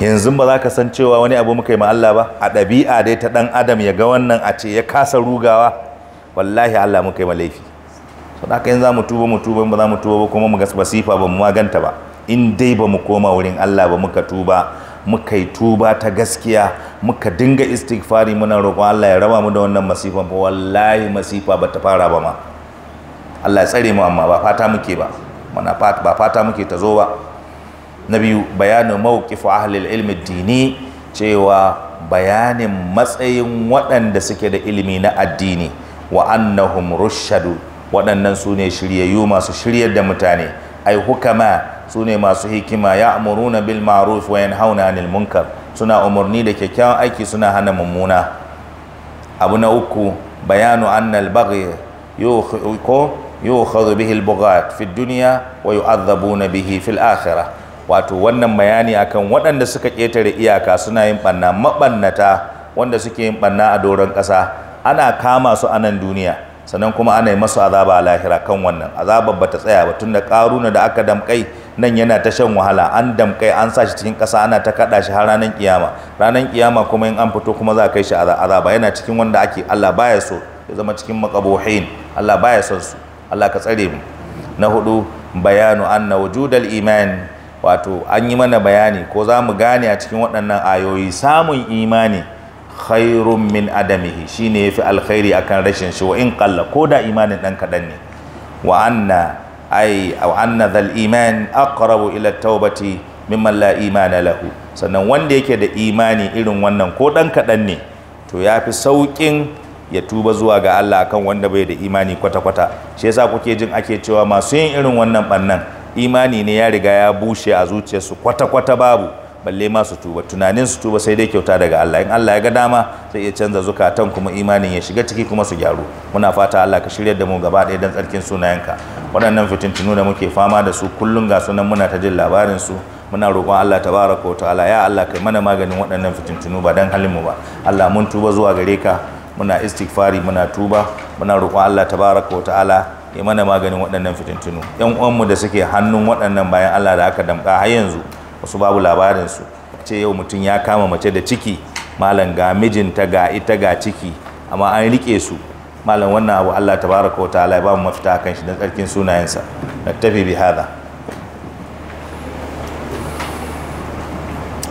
yanzu ba za ka san cewa wani abu muka yi ma Allah ba a ɗabi'a dai ta ɗan adam ya ga wannan a ce ya kasa rugawa wallahi Allah muka yi ma laifi so da yanzu za mu tuba mu tuba ba za mu tuba ba kuma mu ga basifa ba mu maganta ba in dai ba mu koma wurin Allah ba muka tuba muka yi tuba ta gaskiya muka dinga istighfari muna roƙon Allah ya raba mu da wannan masifan ba wallahi masifa ba ta fara ba ma Allah ya tsare mu amma ba fata muke ba muna fata ba fata muke ta zo ba na biyu bayanin mawqifu ahli ilmi dini cewa bayanin matsayin waɗanda suke da ilimi na addini wa annahum rushadu waɗannan su ne shiryayyu masu shiryar da mutane ai hukama su ne masu hikima ya amuruna bil ma'ruf wa yanhauna anil munkar suna umarni da kyakkyawan aiki suna hana mummuna abu na uku bayanu annal baghi yukhadhu bihi al-bughat fi dunya wa yu'adhabuna bihi fil akhirah wato wannan bayani akan waɗanda suka ƙetare iyaka suna yin ɓanna maɓannata wanda suke yin ɓanna a doron ƙasa ana kama su a nan duniya sannan kuma ana yi masu azaba a lahira kan wannan azabar bata tsaya ba tunda ƙaruna da aka damƙai nan yana ta shan wahala an damƙai an sa shi cikin ƙasa ana ta kaɗa shi har ranar kiyama ranar kiyama kuma in an fito kuma za a kai shi azaba yana cikin wanda ake Allah baya so ya zama cikin makabohin Allah baya son su Allah ka tsare mu na hudu bayanu anna wujudal iman wato an yi mana bayani ko za mu gane a cikin waɗannan ayoyi samun imani khairun min adamihi shine yafi alkhairi akan rashin shi wa in qalla ko da imanin dan kadan ne wa anna ai wa anna dhal iman aqrabu ila tawbati mimman la imana lahu sannan wanda yake da imani irin wannan ko dan kadan ne to yafi saukin ya tuba zuwa ga Allah akan wanda bai da imani kwata-kwata shi yasa kuke jin ake cewa masu yin irin wannan bannan imani ne ya riga ya bushe a zuciyarsu kwata-kwata babu balle ma su tuba tunanin su tuba sai dai kyauta daga Allah in Allah ya ga dama sai ya canza zukatan kuma imanin ya shiga ciki kuma su gyaru muna fata Allah ka shirya da mu gaba ɗaya don tsarkin sunayenka waɗannan fitintunu da muke fama da su kullum ga sunan muna ta jin labarin su muna roƙon Allah tabaraka wa ta'ala ya Allah kai mana maganin waɗannan fitintunu ba dan halin mu ba Allah mun tuba zuwa gare ka muna istighfari muna tuba muna roƙon Allah tabaraka ta'ala ya mana maganin waɗannan fitintunu yan mu da suke hannun waɗannan bayan Allah da aka damƙa har yanzu wasu babu labarin su ce yau mutum ya kama mace da ciki malam ga mijinta ga ita ga ciki amma an rike su malam wannan abu Allah tabaraka wa ta'ala ya ba mu mafita kan shi dan tsarkin sunayensa nattafi bi hada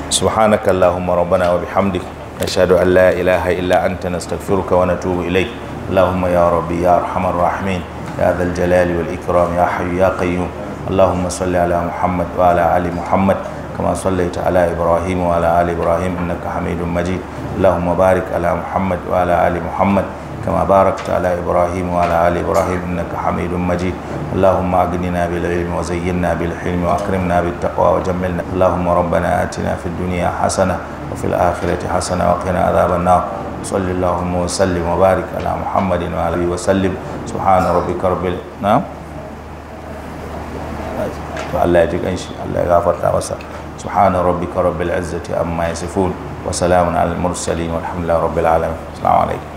subhanakallahumma rabbana wa bihamdika نشهد أن لا إله إلا أنت نستغفرك ونتوب إليك اللهم يا ربي يا أرحم الراحمين يا ذا الجلال والإكرام يا حي يا قيوم اللهم صل على محمد وعلى آل محمد كما صليت على إبراهيم وعلى آل إبراهيم إنك حميد مجيد اللهم بارك على محمد وعلى آل محمد كما باركت على إبراهيم وعلى آل إبراهيم إنك حميد مجيد اللهم أغننا بالعلم وزينا بالحلم وأكرمنا بالتقوى وجملنا اللهم ربنا آتنا في الدنيا حسنة وفي الآخرة حسنة وقنا عذاب النار صلى اللهم وسلم وبارك على محمد وعلى آله وسلم سبحان ربك رب نعم الله يجيك أنشي الله يغفر تعوسك سبحان ربك رب العزة أما يصفون وسلام على المرسلين والحمد لله رب العالمين السلام عليكم